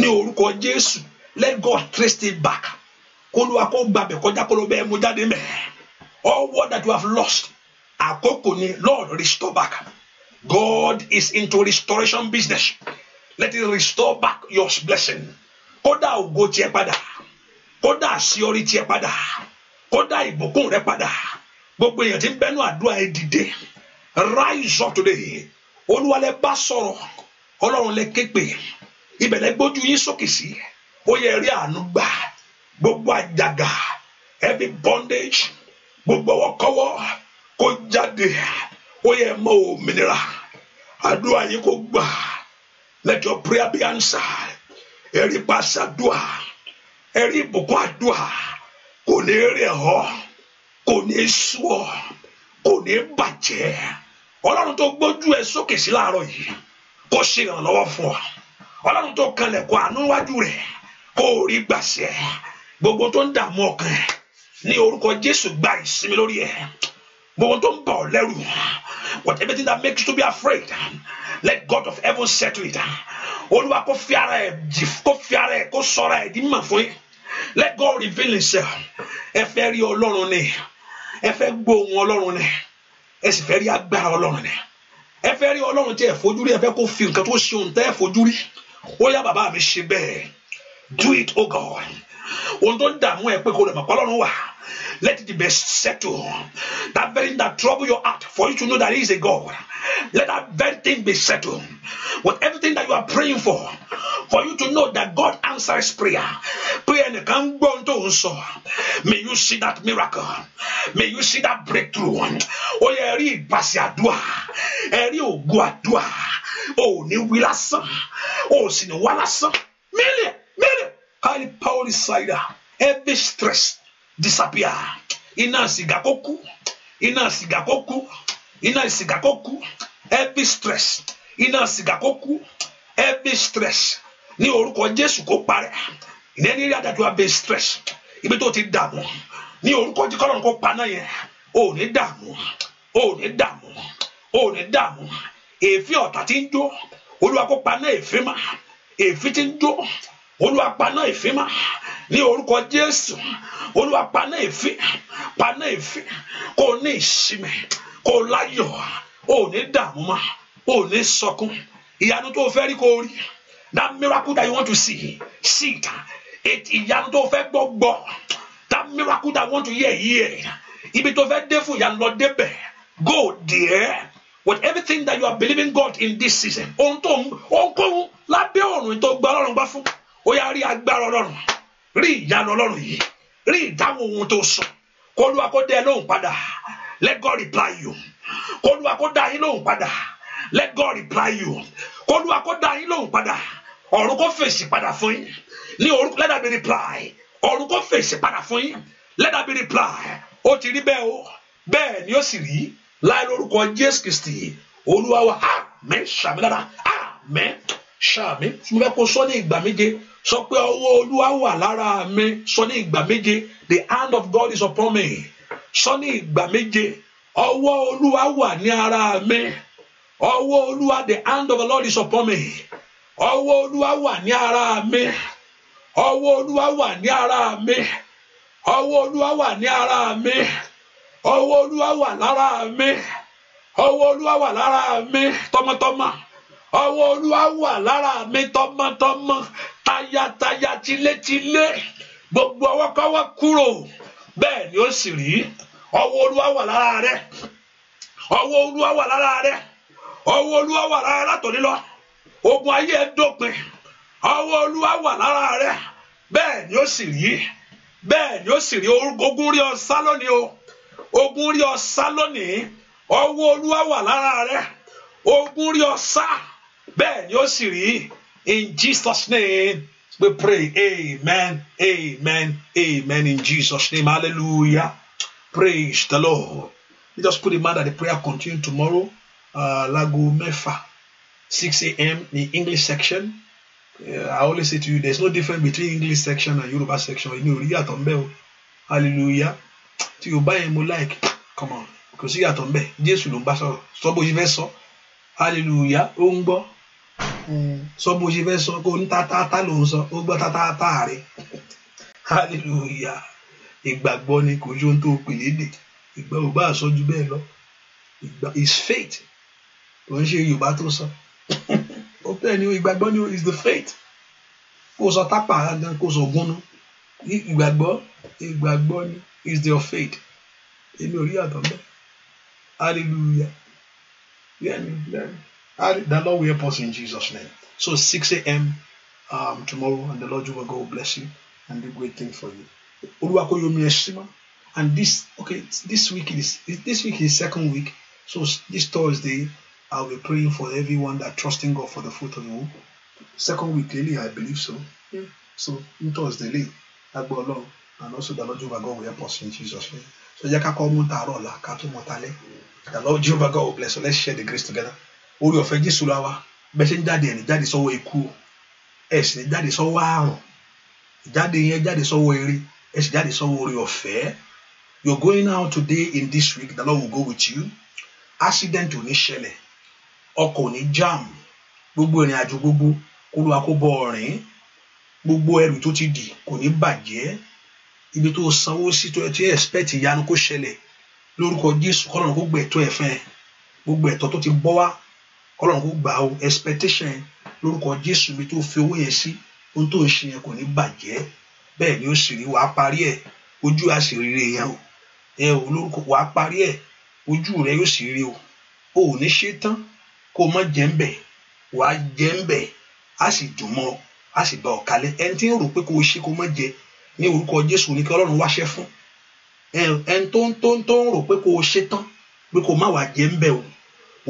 ní orúkọ Jésù let God trace it back kólúwa kó gbàbẹ̀ kọjá kóló bẹ́ẹ̀ mú jáde mẹ́ all what that you have lost àkókò ni Lord restore back. God is into restoration business. Let Him restore back your blessing. Kódà ògo tiẹ̀ padà. Kódà àṣeyọrí tiẹ̀ padà. Kódà ìbùkún rẹ padà. Gbogbo èèyàn tí ń bẹ́nu àdúrà ẹ dìde. Rise up today. Olúwalẹ̀ bá sọ̀rọ̀. Ọlọ́run lẹ képe. Ibẹ̀ lẹ gbójú yín sókè sí. Ó yẹ rí àánú gbà. Gbogbo àjàgà. Every bondage. Gbogbo ọwọ́kọ́wọ́. Kó jáde ó yẹ mọ òmìnira àdúrà yìí kò gbà let your prayer be answered ẹ̀rí pàṣẹ àdúrà ẹ̀rí ìbùkún àdúrà kò ní rẹ̀ ọ́ kò ní sú ọ kò ní bàjẹ́ ọlọ́run tó gbójú ẹ sókè sí láàárọ̀ yìí kó ṣe ìrànlọ́wọ́ fún ọ ọlọ́run tó kanlẹ̀ kó àánú wájú rẹ̀ kó o rí gbàṣẹ gbogbo tó ń dààmú ọkàn ní orúkọ jésù gba ìsinmi lórí ẹ gbogbo tó ń bọ̀ lẹ́rù what everything that makes you to be afraid let God of heaven settle it olúwa kó fi ara ẹ̀ jì kó fi ara ẹ̀ kó sọ̀rọ̀ ẹ̀ di mọ̀ fún yín let God reveal himself ẹ fẹ́ rí ọlọ́run ni ẹ fẹ́ gbóhùn ọlọ́run ni ẹ sì fẹ́ rí agbára ọlọ́run ni ẹ fẹ́ rí ọlọ́run tí ẹ fojú rí ẹ fẹ́ kó fi nǹkan tó ṣe òun tẹ́ ẹ fojú rí ó yá bàbá mi ṣe bẹ́ẹ̀ do it o oh God. let it be settled that very thing that trouble your heart for you to know that he is a God let that very thing be settled with everything that you are praying for for you to know that God answers prayer prayer nìkan go ohun tó sọ may you see that miracle may you see that breakthrough Oh yeah, read ìgbàsí àdúrà ẹ rí ògo àdúrà ò ní any power inside her every stress disappear Ina sìgá kó kú iná sìgá kó kú iná sìgá every stress Ina sìgá kó kú every stress ní orúkọ Jésù kó parẹ́ in any area that you have been stressed ibi tó ti dààmú ní orúkọ jíkọ́ lọ́nà kó paná yẹn ò ní dààmú ò ní dààmú ò ní dààmú èéfín ọ̀tá ti ń jó olúwa kó paná èéfín mà èéfín ti ń jó olúwa paná ìfín mọ́ ní orúkọ jésù olúwa paná ìfín paná ìfín kò ní ìsinmi kò láyọ̀ ò ní dààmú mọ́ ò ní sọkún ìyanu tó fẹ́ rí kò rí that miracle that you want to see see it it ìyanu tó fẹ́ gbọ́ gbọ́ that miracle that you want to hear hear ibi tó fẹ́ dé fún ìyanu lọ débẹ̀ go there with everything that you are believing God in this season ohun tó ń ohun kóhun lábẹ́ ọ̀run tó gbọ́ ọlọ́run gbá fún ó yá rí agbára ọlọ́run rí ìyanu ọlọ́run yìí rí ìdáhùn ohun tó sọ kó olúwa kó ẹ lóhùn padà let God reply you kó olúwa kó dá lóhùn padà let God reply you kó olúwa kó dá yín lóhùn padà ọ̀run kó fèsì padà fún yín ní orúkọ let that be reply ọ̀run kó fèsì padà fún yín let that be reply ó ti rí bẹ́ẹ̀ o bẹ́ẹ̀ ni ó sì rí láì lórúkọ Jésù Kristi olúwa wa àmín ṣàmì lára àmín ṣàmì mo fẹ́ kó sọ ní ìgbà méje sọ pé ọwọ́ olúwa wà lára mi sọ ní ìgbà méje the hand of God is upon me sọ ní ìgbà méje ọwọ́ olúwa wà ní ara mi ọwọ́ olúwa the hand of the Lord is upon me ọwọ́ olúwa wà ní ara mi ọwọ́ olúwa wà ní ara mi ọwọ́ olúwa wà ní ara mi ọwọ́ olúwa wà lára mi ọwọ́ olúwa wà lára mi tọmọtọmọ. ọwọ́ olúwa wà lára mi tọmọtọmọ tayataya tilétilé gbogbo ọwọ́kọ́wọ́ kúrò bẹ́ẹ̀ ni ó sì rí ọwọ́ olúwa wà lára rẹ ọwọ́ olúwa wà lára rẹ ọwọ́ olúwa wà lára látòní lọ ogun ayé ẹ dópin ọwọ́ olúwa wà lára rẹ bẹ́ẹ̀ ni ó sì rí bẹ́ẹ̀ ni ó sì rí ogun rí ọ sá lónìí o ogun rí ọ sá lónìí ọwọ́ olúwa wà lára rẹ ogun rí ọ sá. bẹ́ẹ̀ ni ó sì rí in Jesus name we pray amen amen amen in Jesus name hallelujah praise the Lord you just put in mind that the prayer continue tomorrow uh, lago mẹ́fà six a.m. The English section uh, I always say to you there is no difference between English section and Yoruba section inú orí yàtọ̀ ń bẹ o hallelujah tí o bá yẹn mo like come on kò sí yàtọ̀ ń bẹ Jésù ló ń bá sọ̀rọ̀ sọ bó fẹ́ sọ hallelujah ó ń gbọ́ sọ bó ṣe fẹ́ sọ kó ní tátátá ló ń sọ ó gbọ́ tátátá rẹ hallelujah ìgbàgbọ́ ni kò ju ohun tó pè lédè ìgbà ò bá sọ ju bẹ́ẹ̀ lọ ìgbà is faith kò ń ṣe yorùbá tó sọ ó bẹ́ẹ̀ ni ìgbàgbọ́ ni is the faith kó sọ tápà gan kó sọ gúnnú ìgbàgbọ́ ìgbàgbọ́ ni is your faith èmi ò rí àtọ̀ bẹ́ẹ̀ hallelujah bẹ́ẹ̀ ni bẹ́ẹ̀ ni. the Lord will help us in Jesus' name. So 6 a.m. Um, tomorrow, and the Lord will go bless you and do great things for you. And this okay, this week is this week is second week. So this Thursday, I'll be praying for everyone that trusting God for the fruit of the womb. Second week, really, I believe so. Yeah. So Thursday, late, I go along, and also the Lord Jehovah God will help us in Jesus' name. So kato The Lord Jehovah God will bless. So let's share the grace together. orí ọ̀fẹ́ Jésù la wa bẹ́ẹ̀ ṣe ń jáde ẹ̀ ní jáde sọ́wọ́ ikú o ẹ̀ sì ní jáde sọ́wọ́ àrùn ìjáde yẹn jáde sọ́wọ́ eré ẹ̀ sì jáde sọ́wọ́ orí ọ̀fẹ́ you are going out today in this week the Lord will go with you accident ò ní ṣẹlẹ̀ ọkọ̀ ò ní jam gbogbo ìrìn àjò gbogbo kó lu àkóbọ ọ̀rìn gbogbo ẹrù tó ti dì kò ní bàjẹ́ ibi tó sanwó sí tó ti expect ìyanu kó ṣẹlẹ̀ lórúkọ Jésù kọ́nà kó gbẹ̀tọ́ ẹ̀fẹ́ gbogbo ẹ̀tọ́ tó ti bọ́ wá kọ́lọ́run kó gbà ó expectation yẹn lórúkọ jésù mi tó fi owó yẹn sí ohun tó ń ṣe yẹn kò ní bàjẹ́ bẹ́ẹ̀ ni ó sì rí wàá parí ẹ̀ ojú àṣìrírí yẹn o ẹ ò lórúkọ wàá parí ẹ̀ ojú rẹ yóò sì rí o o ò ní ṣe tán kó o mọ jẹ́ ń bẹ̀ wàá jẹ́ ń bẹ̀ á sì dùn mọ́ á sì bá ọ kalẹ̀ ẹni tí ń rò pé kó ṣe kó o mọ jẹ ní orúkọ jésù ní kí ọlọ́run wáṣẹ́ fún ẹni tó ń tó ń rò pé kó ṣe tán pé kó má wàá jẹ́ ń bẹ̀ o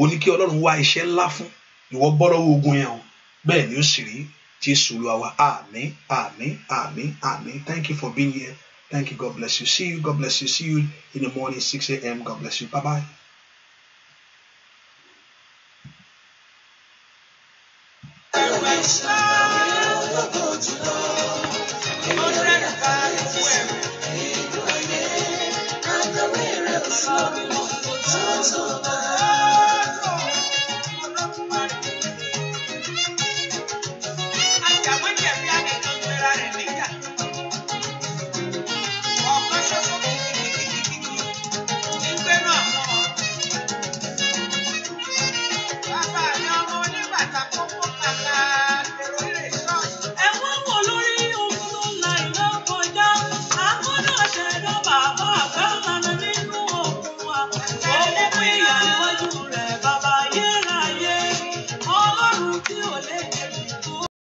o ní kí ọlọ́run wá iṣẹ́ ńlá fún ìwọ bọ́rọ̀ ogun yẹn o bẹ́ẹ̀ ni ó sì rí jésù olúwa wa àmín àmín àmín wa amen, amen. amin amin thank you for being here thank you god bless you see you god bless you see you in the morning six a.m god bless you bye bye.